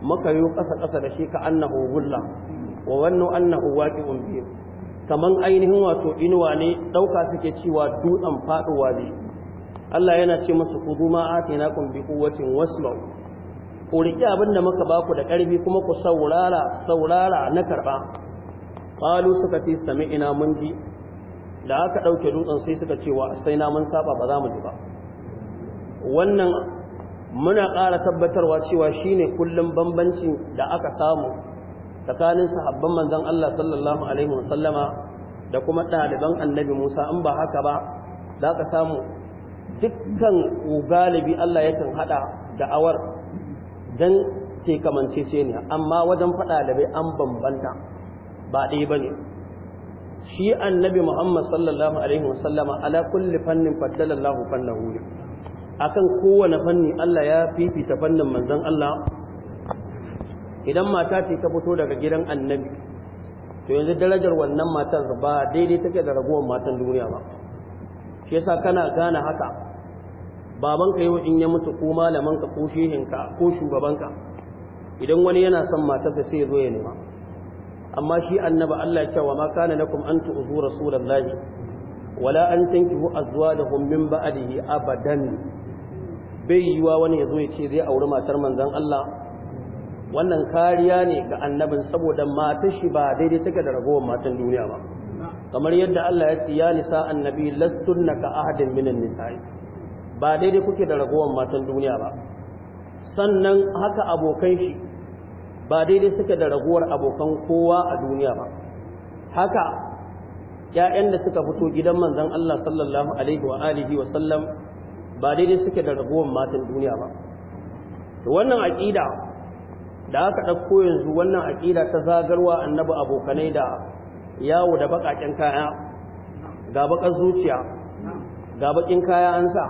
maka yo kasa kasa da shi ka annahu gulla wa wannu annahu waqi'un bi kaman ainihin wato inuwa ne dauka suke cewa dutsen faduwa ne Allah yana ce musu kudu atina kun bi quwwatin wasma'u ku riki abinda muka baku da karfi kuma ku saurara saurara na karba qalu suka ce ina mun ji da aka dauke dutsen sai suka ce wa sai na mun saba ba za mu ji ba wannan muna ƙara tabbatarwa cewa shi ne kullum bambanci da aka samu tsakanin sahabban manzan Allah sallallahu alaihi wasallama da kuma ɗaliban annabi Musa in ba haka ba za ka samu dukkan galibi Allah yakan haɗa da'awar don ke ne, amma wajen faɗa da bai an bambanta ba ɗaya ba ne shi annabi muhammad sallallahu alaihi wasallama ala kulli fannin faddalallahu fannahu wuri akan kowane fanni Allah ya fifita fannin manzon Allah idan mata ce ta fito daga gidan annabi to yanzu darajar wannan matar ba daidai take da ragowar matan duniya ba shi yasa kana gane haka babanka yau in ya mutu ko malamanka ko shehin ka ko shugabanka idan wani yana son matarsa sai ya zo ya nema amma shi annabi Allah ya ce wa ma kana lakum an tu'zu rasulullahi wala an tankihu azwajahum min ba'dihi abadan bai yiwa wani ya zo ya ce zai auri matar manzon Allah wannan kariya ne ga annabin saboda mata shi ba daidai take da ragowar matan duniya ba kamar yadda Allah ya ce ya nisa annabi lastunna ka ahadin minan nisa'i ba daidai kuke da ragowar matan duniya ba sannan haka abokan shi ba daidai suke da ragowar abokan kowa a duniya ba haka ‘ya'yan da suka fito gidan manzan Allah sallallahu Alaihi wa alihi wa sallam ba daidai suke da ragowar matan duniya ba wannan aƙida da aka ɗauko yanzu wannan aƙida ta zagarwa annabi abokanai da yawo da baƙaƙen kaya ga baƙar zuciya ga baƙin kaya an sa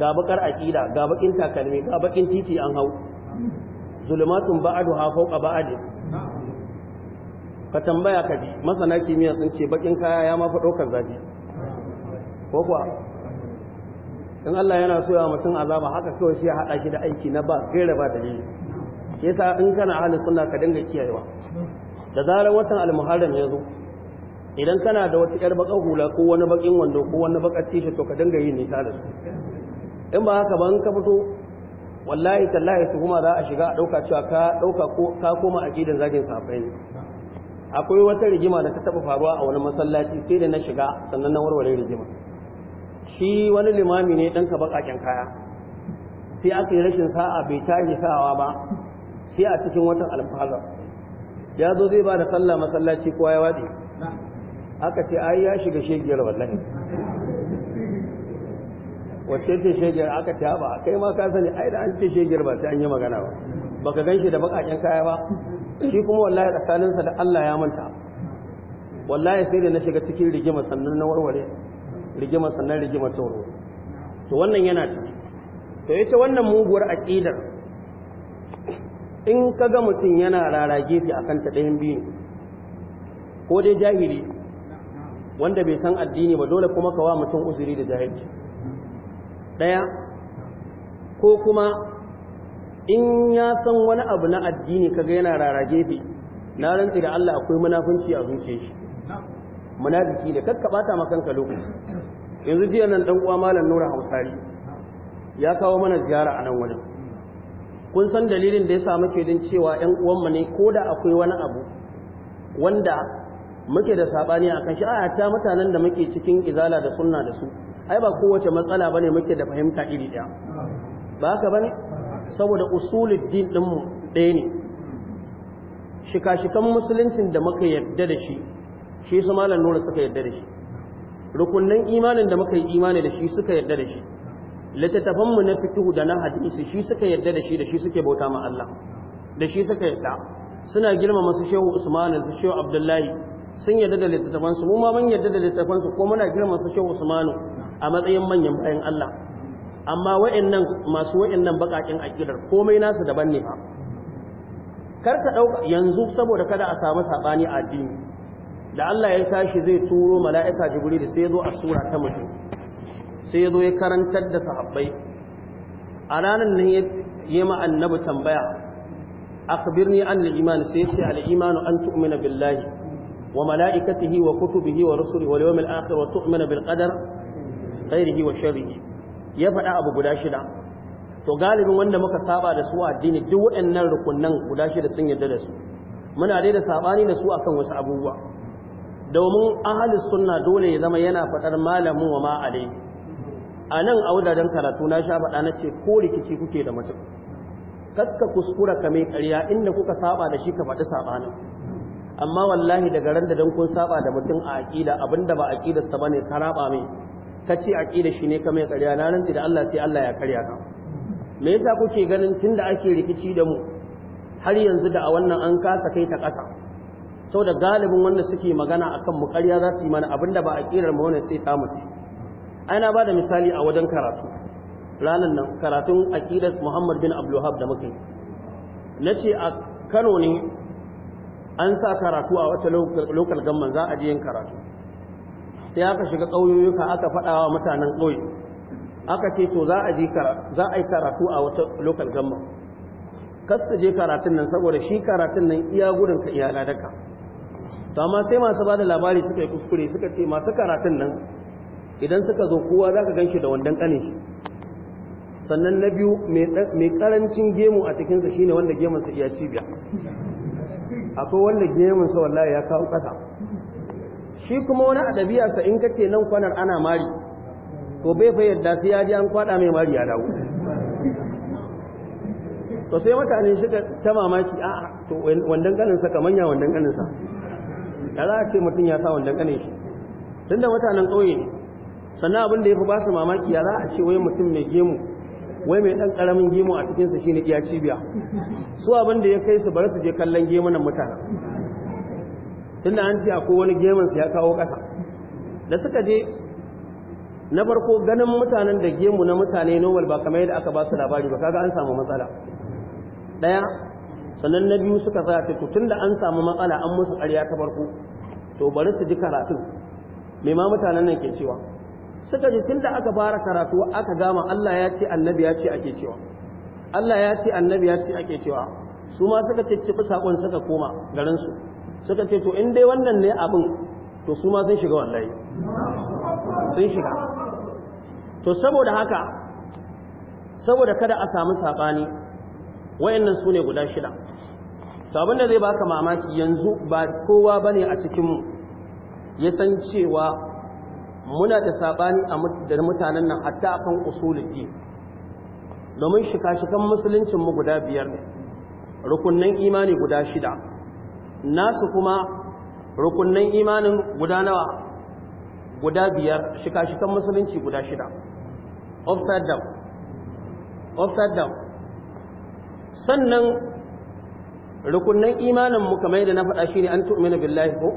ga baƙar aƙida ga baƙin takalmi ga baƙin titi an hau zulumatun ba'adu ha fauka ba'adin ka tambaya ka ji masana kimiyya sun ce baƙin kaya ya ma fa ɗaukar zafi ko kuwa in Allah yana so ya mutum azaba haka kawai sai ya hada shi da aiki na ba gaira ba dalili yasa in kana ahli sunna ka dinga kiyayewa da zarar watan al-muharram ya zo idan kana da wata yar baka hula ko wani bakin wando ko wani baka tishi to ka dinga yin nisa da su in ba haka ba in ka fito wallahi tallahi su kuma za a shiga a dauka cewa ka dauka ko ka koma aqidan zagin safai ne akwai wata rigima da ta taba faruwa a wani masallaci sai da na shiga sannan na warware rigima shi wani limami ne ɗanka baƙaƙen kaya sai aka yi rashin sa'a bai tashi sa'awa ba sai a cikin watan alfahazar ya zo zai ba da sallah masallaci kowa ya waɗe aka ce ai ya shiga shegiyar wallahi wacce ce shegiyar aka ce ba kai ma ka sani ai da an ce shegiyar ba sai an yi magana ba baka gan shi da baƙaƙen kaya ba shi kuma wallahi tsakaninsa da Allah ya manta wallahi sai da na shiga cikin rigima sannan na warware rigima sannan rigima ta to wannan yana ciki to ita wannan muguwar aqidar in ka ga mutum yana rarage ta akan ta ɗayan biyu ko dai jahili wanda bai san addini ba dole kuma ka wa mutum uzuri da jahilci ɗaya ko kuma in ya san wani abu na addini kaga yana rarage fi na rantsi da Allah akwai munafunci a zuciyar shi munafiki ne kakka bata ma kanka lokaci yanzu jiya nan dan uwa malam Nura Hausari ya kawo mana ziyara a nan wajen kun san dalilin da yasa muke din cewa 'yan uwanmu ne koda akwai wani abu wanda muke da sabani akan shi a ta mutanen da muke cikin izala da sunna da su ai ba kowace matsala bane muke da fahimta iri daya ba haka bane saboda din mu ɗaya ne shika-shikan musuluncin da muka yarda da shi shi su malam nura suka yarda da shi rukunnan imanin da muka yi imani da shi suka yarda da shi littattafanmu na fikihu da na hadisi shi suka yarda da shi da shi suke bauta ma Allah da shi suka yarda suna girmama su shehu usman su shehu abdullahi sun yarda da littattafan su mu ma mun yarda da littattafan su ko muna girmama su shehu usman a matsayin manyan bayan Allah amma wa'annan masu wa'annan bakakin akidar komai nasu daban ne fa kar ka dauka yanzu saboda kada a samu sabani addini da Allah ya tashi zai turo mala'ika jibril sai ya zo a sura ta mutum sai ya zo ya karantar da sahabbai a ranar nan ya ma annabi tambaya birni an al-iman sai ce al-iman an tu'mina billahi wa mala'ikatihi wa kutubihi wa rusulihi wal yawmil akhir wa tu'mina bil qadar khairihi wa sharrihi ya faɗa abu guda shida to galibin wanda muka saba da su a addini duk waɗannan rukunnan guda shida sun yarda da su muna dai da sabani da su akan wasu abubuwa domin ahalin sunna dole ya zama yana faɗar malamin wa ma alai a nan a wadadan karatu na sha faɗa na ce ko rikici kuke da mutum kakka kuskura ka mai ƙarya inda kuka saba da shi ka faɗi sabanin amma wallahi daga ran da dan kun saba da mutum a aqida abinda ba aqidar sa bane ka raba mai kace aqida shi ne ka mai ƙarya na ran da Allah sai Allah ya karya ka me yasa kuke ganin tunda ake rikici da mu har yanzu da a wannan an kasa kai ta kasa? da galibin wanda suke magana akan mu ƙarya za su yi mana abinda ba a kirar mu wannan sai ta mutu ana ba da misali a wajen karatu ranar nan karatun aqidat Muhammad bin Abdul da muke nace a Kano ne an sa karatu a wata local government za a je yin karatu sai aka shiga ƙauyoyuka aka faɗa wa mutanen ƙauye aka ce to za a za a yi karatu a wata local government kas je karatun nan saboda shi karatun nan iya gudun ka iya ladaka to amma sai masu ba da labari suka yi kuskure suka ce masu karatun nan idan suka zo kowa za ka ganshi da wandon ƙane shi sannan na biyu mai ƙarancin gemu a cikinsa shine wanda gemunsa iya cibiya akwai wanda gemunsa wallahi ya kawo ƙasa shi kuma wani a ɗabi'arsa in ka ce nan kwanar ana mari to bai fa yadda sai ya ji an kwaɗa mai mari ya dawo to sai mutane suka ta mamaki a to wandan ganinsa kamar ya wandan ganinsa da za a ce mutum ya sa wanda ƙane shi tun da mutanen ƙauye ne sannan abin da ya fi ba su mamaki ya za a ce wai mutum mai gemu wai mai ɗan ƙaramin gemu a cikinsa shi ne iya cibiya su abin da ya kai su bari su je kallon gemunan mutane da an ce akwai wani gemunsa ya kawo ƙasa da suka je na farko ganin mutanen da gemu na mutane nobel ba kamar yadda aka ba su labari ba kaga an samu matsala ɗaya sannan na biyu suka tsaya ta tun da an samu matsala an musu ƙarya ta farko to bari su ji karatun me ma mutanen nan ke cewa suka ji tun da aka fara karatu aka gama Allah ya ce annabi ya ce ake cewa Allah ya ce annabi ya ce ake cewa su ma suka cicciɓi saƙon suka koma garinsu suka ce to in dai wannan ne abin to su ma sun shiga wallahi sun shiga to saboda haka saboda kada a samu saɓani wayannan su ne guda shida sabon da zai baka mamaki yanzu ba kowa ne a cikinmu ya san cewa muna da sabani da mutanen nan hatta akan usuluddin domin shika-shikan musuluncin mu guda biyar ne rukunnan imani guda shida nasu kuma rukunnan imanin guda nawa guda biyar shika-shikan musulunci guda shida offside down offside down sannan rukunnan imanin mu kamar yadda na faɗa shine an tu'mina billahi ko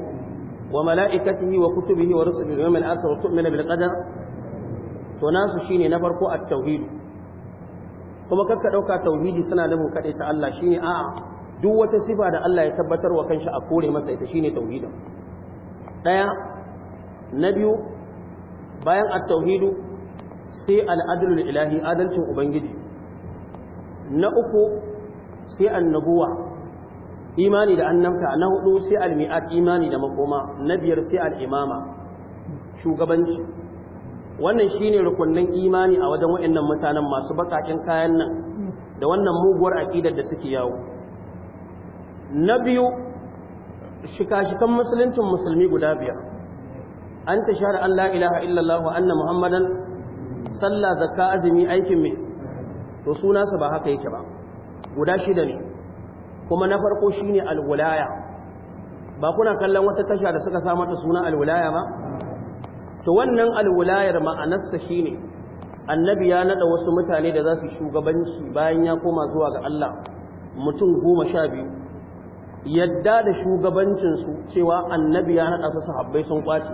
wa mala'ikatihi wa kutubihi wa rusulihi wa man asra tu'mina bil qadar to nasu shine na farko at-tauhid kuma kakka dauka tauhidi suna nufin kade ta Allah shine a'a duk wata sifa da Allah ya tabbatar wa kanshi a kore masa ita shine tauhidin daya na biyu bayan at-tauhidu sai al-adlul ilahi adalcin ubangiji na uku sai annabuwa imani da annabta na hudu sai almi'at imani da makoma na biyar sai al'imama shugabanci wannan shine rukunnan imani a wajen waɗannan mutanen masu bakakin kayan nan da wannan muguwar aƙidar da suke yawo na biyu shika-shikan musuluncin musulmi guda biyar an ta Allah ilaha illallah wa anna muhammadan sallah zakka azumi aikin mai to sunansa ba haka yake ba guda shida ne kuma na farko shi ne alwulaya ba kuna kallon wata tasha da suka samar da suna alwulaya ba to wannan alwulayar ma'anarsa shi ne annabi ya nada wasu mutane da za su shugabanci bayan ya koma zuwa ga Allah mutum goma sha biyu yadda da shugabancinsu cewa annabi ya naɗa su sahabbai sun kwace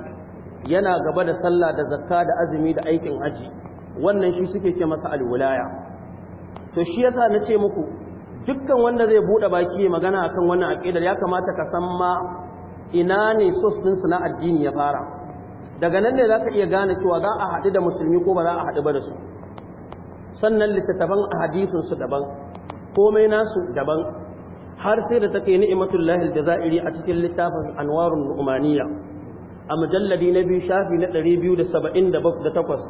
yana gaba da sallah da zakka da azumi da aikin haji wannan shi suke ce masa alwulaya to shi yasa na ce muku dukkan wanda zai buɗe baki magana akan wannan aƙidar ya kamata ka san ma ina ne sosinsu na addini ya fara daga nan ne za ka iya gane cewa za a haɗu da musulmi ko ba za a haɗu ba da su sannan littattafan hadisinsu daban komai nasu daban har sai da take ni'imatul lahil jazairi a cikin littafin anwarun nu'maniya a mujalladi na biyu shafi na 278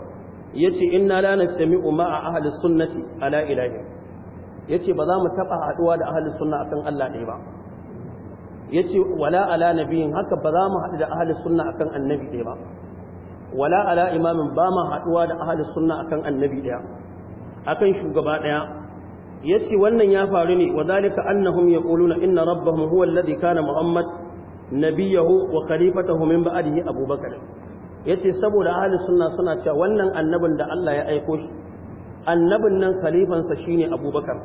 yace inna la nastami'u ma'a ahli sunnati ala ilahi yace ba za mu taɓa haɗuwa da ahlus sunna akan Allah ɗaya ba yace wala ala nabiyin haka ba za mu haɗu da ahlus sunna akan annabi ɗaya ba wala ala imamin ba mu haduwa da ahlus sunna akan annabi ɗaya akan shugaba ɗaya yace wannan ya faru ne wa zalika annahum yaquluna inna rabbahum huwa alladhi kana muhammad nabiyahu wa khalifatahu min ba'dihi abubakar yace saboda ahlus suna suna cewa wannan annabin da Allah ya aiko shi annabin nan khalifansa shine abubakar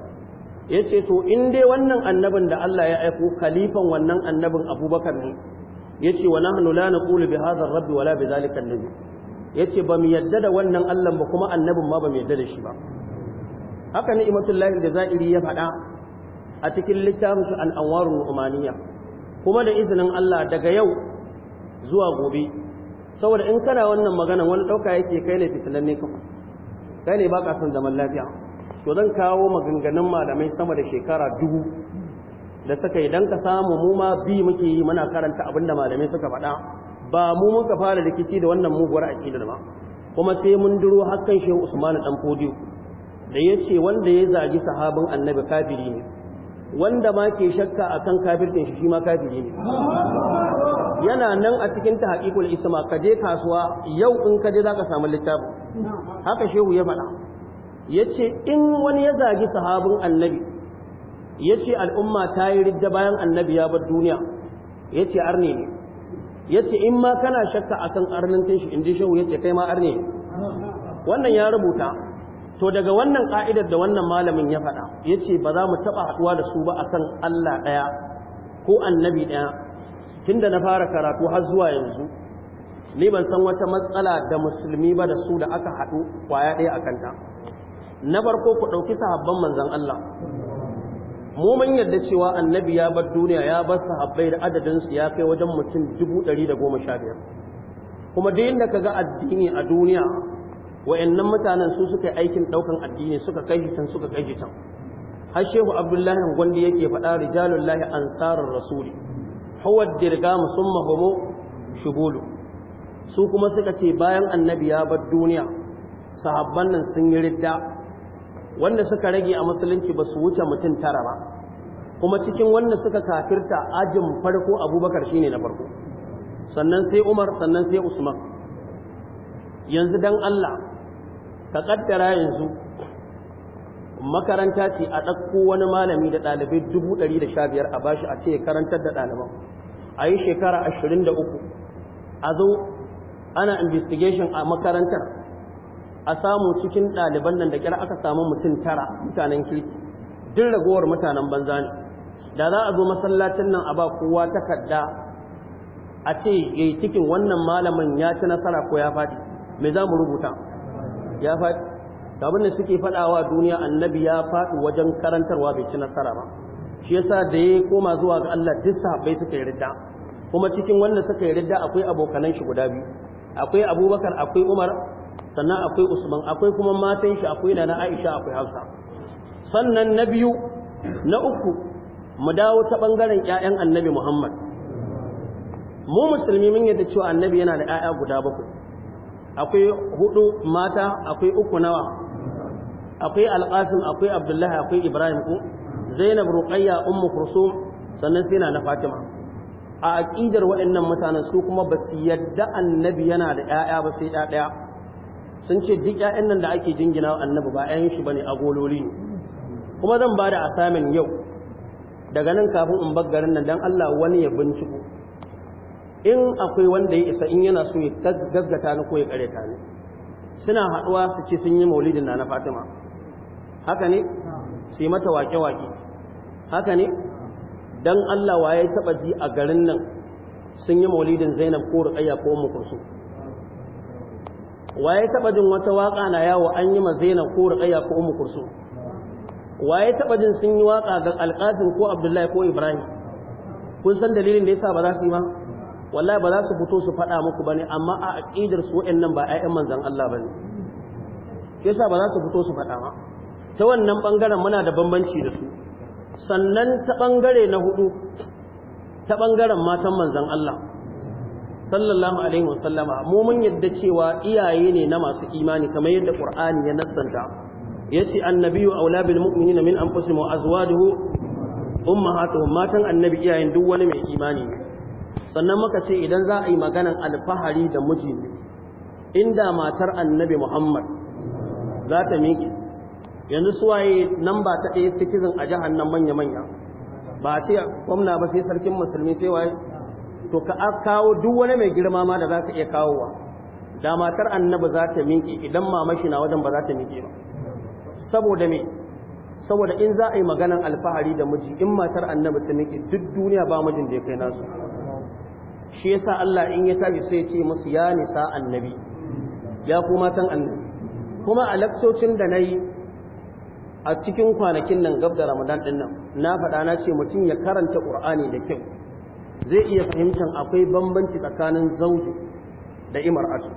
ya ce to in dai wannan annabin da Allah ya aiko khalifan wannan annabin abubakar ne ya ce wa nahnu la naqulu bi hadha rabbi wala bi zalika an-nabi ya ce ba mu yadda da wannan Allah ba kuma annabin ma ba mu yadda da shi ba haka ne imatullahi da za'iri ya faɗa a cikin littafin an anwarul umaniya kuma da izinin Allah daga yau zuwa gobe saboda in kana wannan magana wani ɗauka yake kai ne fitilanne kuma kai ne ba son zaman lafiya to zan kawo maganganun malamai sama da shekara dubu da suka idan ka samu mu ma bi muke yi muna karanta abin da malamai suka faɗa ba mu muka fara rikici da wannan muguwar aƙidar ba kuma sai mun duro hakan shehu usman dan fodiyo da ya ce wanda ya zagi sahabin annabi kafiri ne wanda ma ke shakka akan kafircin shi shi ma kafiri ne yana nan a cikin ta haƙiƙul isma ka je kasuwa yau in ka je za ka samu littafin haka shehu ya faɗa ya ce in wani ya zagi sahabin annabi ya ce al'umma ta yi ridda bayan annabi ya bar duniya ya ce arne ne ya ce in ma kana shakka a kan arnintin shi inda shi ya ce kai ma arne ne wannan ya rubuta to daga wannan ka'idar da wannan malamin ya faɗa ya ce ba za mu taɓa haɗuwa da su ba a kan allah ɗaya ko annabi ɗaya tun da na fara karatu har zuwa yanzu ni ban san wata matsala da musulmi ba da su da aka haɗu kwaya ɗaya a kanta na farko ku ɗauki sahabban manzan Allah mu mun yarda cewa annabi ya bar duniya ya bar sahabbai da adadin su ya kai wajen mutum dubu ɗari da goma sha biyar kuma duk inda ka ga addini a duniya wa'annan mutanen su suka yi aikin ɗaukan addini suka kai shi can suka kai shi har shehu abdullahi gwandi yake faɗa rijalun lahi ansarar rasuli hawar dirga musamman homo shigolo su kuma suka ce bayan annabi ya bar duniya sahabban nan sun yi ridda wanda suka rage a musulunci ba su wuce mutum tara ba kuma cikin wanda suka kafirta ajin farko abubakar ne na farko sannan sai umar sannan sai usman yanzu don allah ka kaddara yanzu makaranta ce a ɗauko wani malami da ɗalibai dubu ɗari da sha biyar a bashi a ce karantar da ɗaliban a yi shekara ashirin da uku a zo ana investigation a makarantar a samu cikin ɗaliban nan da kira aka samu mutum tara mutanen kirki duk ragowar mutanen banza ne da za a zo masallacin nan a ba kowa takarda a ce yayi cikin wannan malamin ya ci nasara ko ya faɗi me za mu rubuta ya faɗi abin da suke faɗawa duniya annabi ya faɗi wajen karantarwa bai ci nasara ba shi yasa da ya koma zuwa ga Allah duk sahabbai suka yi ridda kuma cikin wannan suka yi ridda akwai abokanan shi guda biyu akwai Abubakar akwai Umar sannan akwai usman akwai kuma matan shi akwai na aisha akwai hafsa sannan na biyu na uku mu dawo ta bangaren ƴaƴan annabi muhammad mu musulmi mun yadda cewa annabi yana da ƴaƴa guda bakwai akwai hudu mata akwai uku nawa akwai alqasim akwai abdullahi akwai ibrahim ko zainab ruqayya ummu kursum sannan sai na fatima a aqidar waɗannan mutanen su kuma ba su yadda annabi yana da ƴaƴa ba sai ɗaya ɗaya sun ce duk ƴaƴan nan da ake jingina wa annabi ba ƴaƴan shi bane agololi ne kuma zan bada asamin yau daga nan kafin in bar garin nan dan Allah wani ya binciko in akwai wanda ya isa in yana so ya gaggata ni ko ya ta ni suna haɗuwa su ce sun yi maulidin na na Fatima haka ne su yi mata wake-wake haka ne dan Allah waye taba ji a garin nan sun yi maulidin Zainab ko Ruqayya ko Ummu Kulsum Wa ya taba jin wata waka na yawo an yi zainab ko ruqayya ko ummu kursu waye taba jin sun yi waka ga alqasim ko abdullahi ko ibrahim kun san dalilin da yasa ba za su yi ba wallahi ba za su fito su faɗa muku bane amma a aqidar su nan ba ayyan manzon Allah bane yasa ba za su fito su faɗa ma? ta wannan bangaren muna da bambanci da su sannan ta bangare na hudu ta bangaren matan manzon Allah sallallahu alaihi wasallama mu mun yadda cewa iyaye ne na masu imani kamar yadda qur'ani ya nassanta yace annabiyyu aula bil mu'minina min anfusihim wa azwajihi ummahatuhum matan annabi iyayen duk wani mai imani sannan muka ce idan za a yi maganan alfahari da miji inda matar annabi muhammad za ta miƙe yanzu suwaye nan ba ta ɗaya sikizin a jihar nan manya-manya ba ce gwamna ba sai sarkin musulmi sai waye to ka kawo duk wani mai girma ma da za ka iya kawowa da matar annabi za ta miƙe idan mamashi na wajen ba za ta miƙe ba saboda me saboda in za a yi maganan alfahari da miji in matar annabi ta miƙe duk duniya ba mijin da ya kai nasu shi yasa Allah in ya tafi sai ya ce musu ya nisa annabi ya kuma tan annabi kuma a laksocin da na yi a cikin kwanakin nan gab da Ramadan din nan na faɗa na ce mutum ya karanta Qur'ani da kyau zai iya fahimtar akwai bambanci tsakanin zauji da imar'atu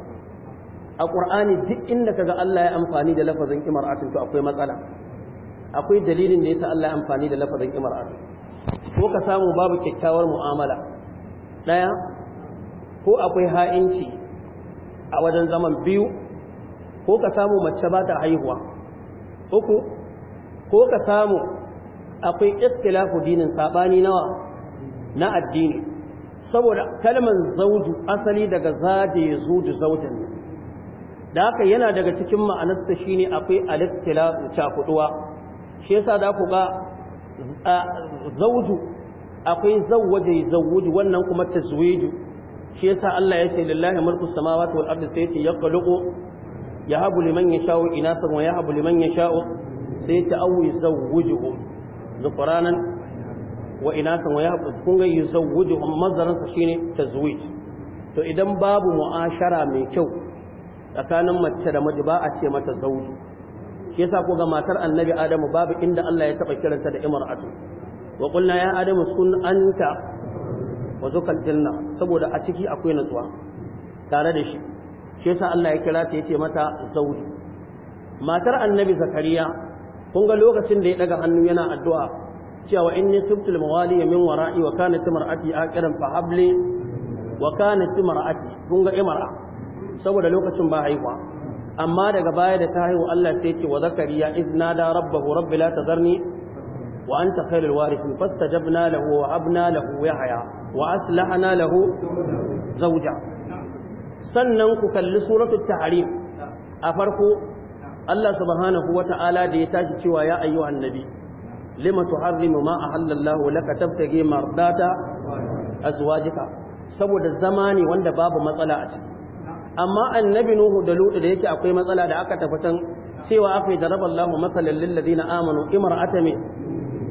a ƙur'ani duk inda kaga Allah ya amfani da lafazin imar'atu to akwai matsala akwai dalilin da yasa Allah ya amfani da lafazin imar'atu ko ka samu babu kyakkyawar mu'amala daya ko akwai ha'inci a wajen zaman biyu ko ka samu mace ba ta haihuwa uku ko ka samu akwai ikhtilafu dinin sabani nawa na addini saboda kalmar zauju asali daga zaje ya zuju ne. da haka yana daga cikin ma'anarsa shine akwai alittila kuduwa shi yasa da ku ga zauju akwai zawaje zawuju wannan kuma tazwiju shi yasa Allah yake lillahi mulku samawati wal ardi sai yace yaqluqu yahabu liman yasha'u inasan wa yahabu liman yasha'u sai ta aw yuzawwijuhum zuqranan wa inasan wa yahdu kun ga yuzawwijuhum mazdarin sa shine tazwij to idan babu mu'ashara mai kyau tsakanin mace da miji ba a ce mata zauji shi yasa ko ga matar annabi adamu babu inda Allah ya taba kiranta da imra'atu wa qulna ya adamu sun anta wa zukal janna saboda a ciki akwai natsuwa tare da shi shi yasa Allah ya kira ta yace mata zauji matar annabi zakariya kun ga lokacin da ya daga hannu yana addu'a cewa inni khiftu al-mawali min wara'i wa kanat imra'ati aqiran fa habli wa kanat imra'ati kun ga imara saboda lokacin ba haihuwa amma daga baya da ta haihu Allah sai ce wa zakariya izna da rabbahu rabbi la tazarni wa anta khairul warithin fastajabna lahu wa habna lahu yahya wa aslahna lahu zawja sannan ku kalli suratul tahrim a farko Allah subhanahu ta'ala da ya tashi cewa ya ayyuhan nabi lima tuharrimu ma ahalla Allah laka tabtagi mardata azwajika saboda zama ne wanda babu matsala a ciki amma annabi nuhu da lutu da yake akwai matsala da aka tafatan cewa akai daraba Allah masalan lil ladina amanu imra'atan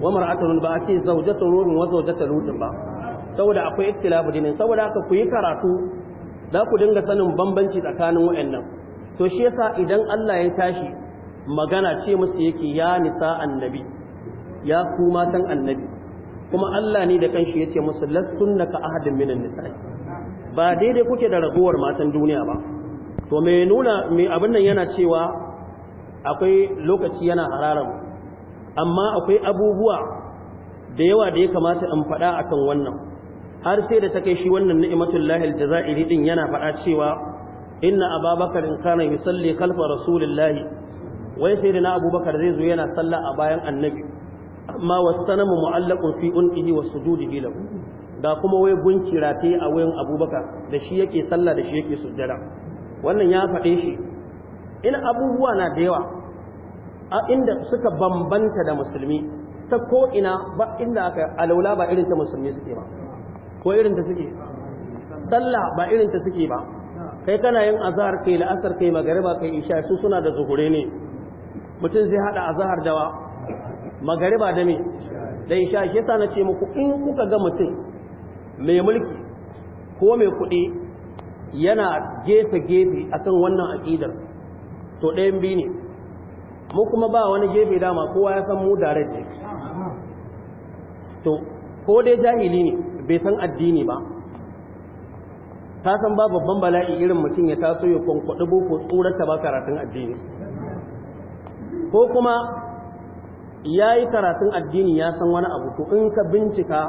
wa mar'atun ba ake zaujatu nurin wa zaujatu lutin ba saboda akwai ikhtilafu dinin saboda haka yi karatu za ku dinga sanin bambanci tsakanin wayannan to shi yasa idan Allah ya tashi magana ce musu yake ya nisa annabi ya ku matan annabi kuma Allah ne da kanshi yace musu lastunna ka ahadin minan nisa'i ba daidai kuke da raguwar matan duniya ba to me nuna me abin nan yana cewa akwai lokaci yana hararar amma akwai abubuwa da yawa da ya kamata in faɗa akan wannan har sai da ta kai shi wannan lahil jaza'iri din yana faɗa cewa inna ababakar in kana yusalli khalfa rasulillahi wai sai da na abubakar zai zo yana sallah a bayan annabi ma wasanamu mu'allaqun fi unqihi wa sujudihi lahu da kuma wai gunki rataye a wayan abubakar da shi yake sallah da shi yake sujjada wannan ya faɗe shi in abubuwa na da yawa a inda suka bambanta da musulmi ta ko ina ba inda aka alaula ba irin ta musulmi suke ba ko irin ta suke sallah ba irin ta suke ba kai kana yin azhar kai la'asar kai magariba kai isha su suna da zuhure ne mutum zai hada azhar wa. Magari ba da me da sha shi yasa nace muku in kuka ga mutum mai mulki ko mai kuɗi yana gefe gefe akan wannan aqidar to ɗayan bi ne mu kuma ba wani gefe dama kowa ya san mu direct ne to ko dai jahili ne bai san addini ba ta san ba babban bala'i irin mutum ya taso ya kwankwaɗi boko tsorata ba karatun addini ko kuma ya yi karatun addini ya san wani abu to in ka bincika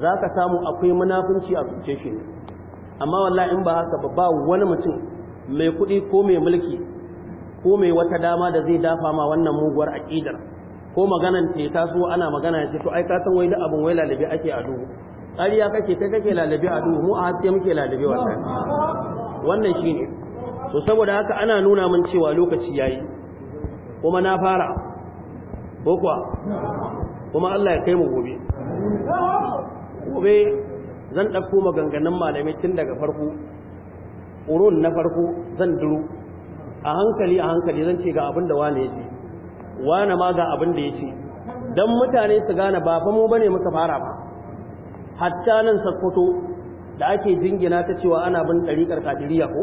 za ka samu akwai munafunci a zuce shi ne amma wallahi in ba haka ba wani mutum mai kuɗi ko mai mulki ko mai wata dama da zai dafa ma wannan muguwar aƙidar ko maganan ce ta so ana magana ce to ai ka san wai da abin wai lalabe ake a duhu ƙarya kake kai kake lalabe a duhu mu a haske muke lalabe wallahi wannan shine to saboda haka ana nuna min cewa lokaci yayi kuma na fara ko kuwa kuma Allah ya kai mu gobe gobe zan ɗauko maganganun malamai tun daga farko ƙurun na farko zan duru a hankali a hankali zan ce ga abin da wane ya ce wane ma ga abin da ya ce don mutane su gane ba fa mu bane muka fara ba hatta nan sakkwato da ake jingina ta cewa ana bin ɗariƙar kadiriya ko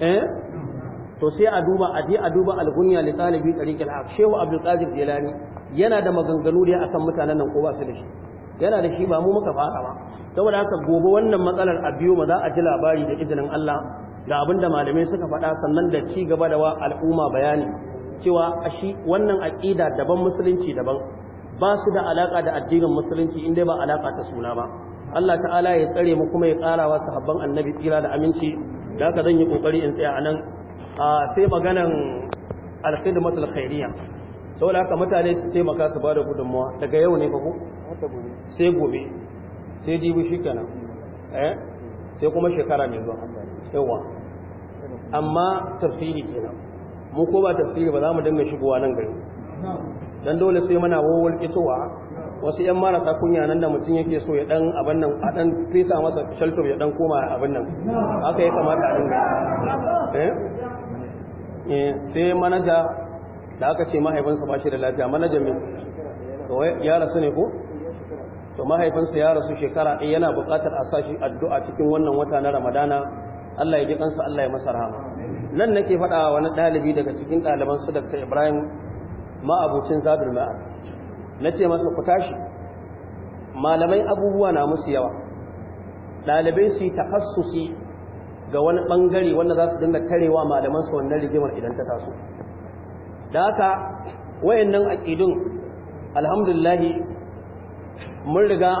eh to sai a duba a je a duba al'gunya gunya li talibi tariqil haq shehu abdul qadir jilani yana da maganganu da akan mutanen nan ko ba su da shi yana da shi ba mu muka fara ba saboda haka gobe wannan matsalar a biyu ma za a ji labari da izinin Allah da abinda malamai suka faɗa sannan da ci gaba da wa al'umma bayani cewa shi wannan aƙida daban musulunci daban ba su da alaka da addinin musulunci in ba alaka ta suna ba Allah ta'ala ya tsare mu kuma ya ƙara wa sahabban annabi tsira da aminci da haka zan yi ƙoƙari in tsaya a nan sai maganan alkhidmatul khairiyya da haka mutane su taimaka su bada gudunmawa daga yau ne fako sai gobe sai dibu shikenan eh sai kuma shekara mai zuwa yawa amma tafsiri kenan mu ko ba tafsiri ba za mu dinga shigowa nan gari dan dole sai muna wawul kitowa wasu yan marasa kunya nan da mutum yake so ya dan abin nan a dan fesa masa shelter ya dan koma abin nan haka ya kamata a dinga eh Eh, sai manaja da aka ce mahaifinsa ba shi da lafiya manaja mai ya rasu ne ko to mahaifinsa ya rasu shekara ɗaya yana buƙatar a sashi addu'a cikin wannan wata na ramadana allah ya ji kansa allah ya masa rahama nan nake faɗa wani ɗalibi daga cikin ɗaliban su dr ibrahim ma'abucin zabir ma'ar na ce masa ku tashi malamai abubuwa na musu yawa ɗalibai su yi takassusi ga wani bangare wanda za su dinga tarewa malaman su wannan rigimar idan ta taso da haka wayannan aqidun alhamdulillah mun riga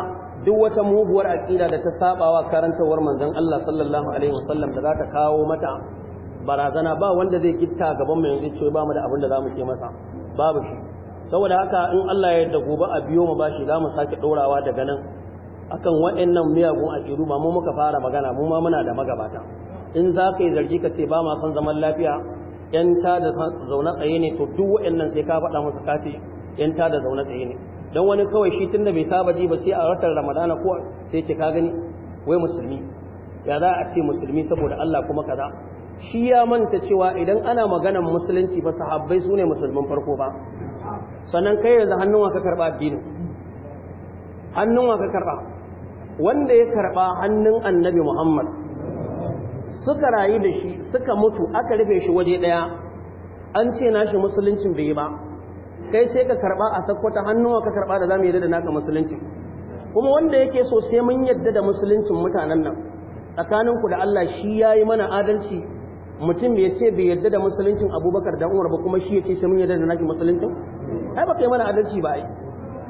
duk wata muguwar aqida da ta sabawa karantawar manzon Allah sallallahu alaihi wasallam da za ta kawo mata barazana ba wanda zai gitta gaban mu yanzu ce ba mu da abin da zamu ce masa babu shi saboda haka in Allah ya yarda gobe a biyo mu bashi zamu sake dorawa daga nan akan waɗannan miyagun aqidu ba mu muka fara magana mu ma muna da magabata in za ka yi zargi ka ce ba ma son zaman lafiya yan ta da zaune tsaye ne to duk waɗannan sai ka faɗa musu kati. yan ta da zaune tsaye ne don wani kawai shi tun da bai saba ji ba sai a ratar ramadana ko sai ce ka gani wai musulmi ya za a ce musulmi saboda Allah kuma kaza shi ya manta cewa idan ana maganar musulunci ba sahabbai su ne musulmin farko ba sannan kai yanzu hannunwa ka karɓa addinin hannunwa ka karɓa wanda ya karɓa hannun annabi muhammad suka rayu da shi suka mutu aka rufe shi waje ɗaya an ce nashi musuluncin bai yi ba kai sai ka karɓa a sakwata hannuwa ka karɓa da za mu yadda da naka musuluncin kuma wanda yake so sai mun yadda da musuluncin mutanen nan tsakanin ku da Allah shi ya yi mana adalci mutum ya ce bai yadda da musuluncin abubakar da umar ba kuma shi ya ce sai mun yadda da naki musuluncin ai ba kai mana adalci ba ai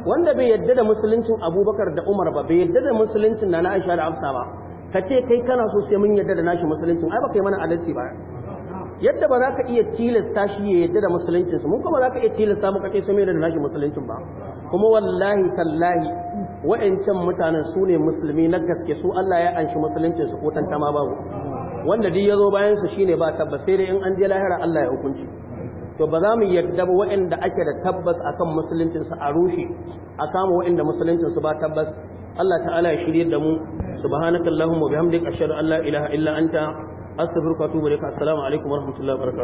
wanda bai yadda da musuluncin abubakar da umar ba bai yadda da musuluncin na na aisha da hafsa ba ka ce kai kana so sai mun yadda da nashi musuluncin ai baka yi mana adalci ba yadda ba za ka iya tilasta shi ya yadda da musuluncin mun kuma za ka iya tilasta mu kace sai mun yadda da nashi musuluncin ba kuma wallahi tallahi wa'ancan mutanen su ne musulmi na gaske su Allah ya anshi musuluncin su ko tantama babu wanda duk ya zo bayan su shine ba tabbas sai dai in an je lahira Allah ya hukunci to ba za mu yadda ba waɗanda ake da tabbas akan musuluncin su a rushe a kama waɗanda musuluncin su ba tabbas Allah ta'ala ya shirye da mu subhanakallahumma bihamdika ashhadu an la ilaha illa anta astaghfiruka wa atubu ilaik assalamu alaikum warahmatullahi wabarakatuh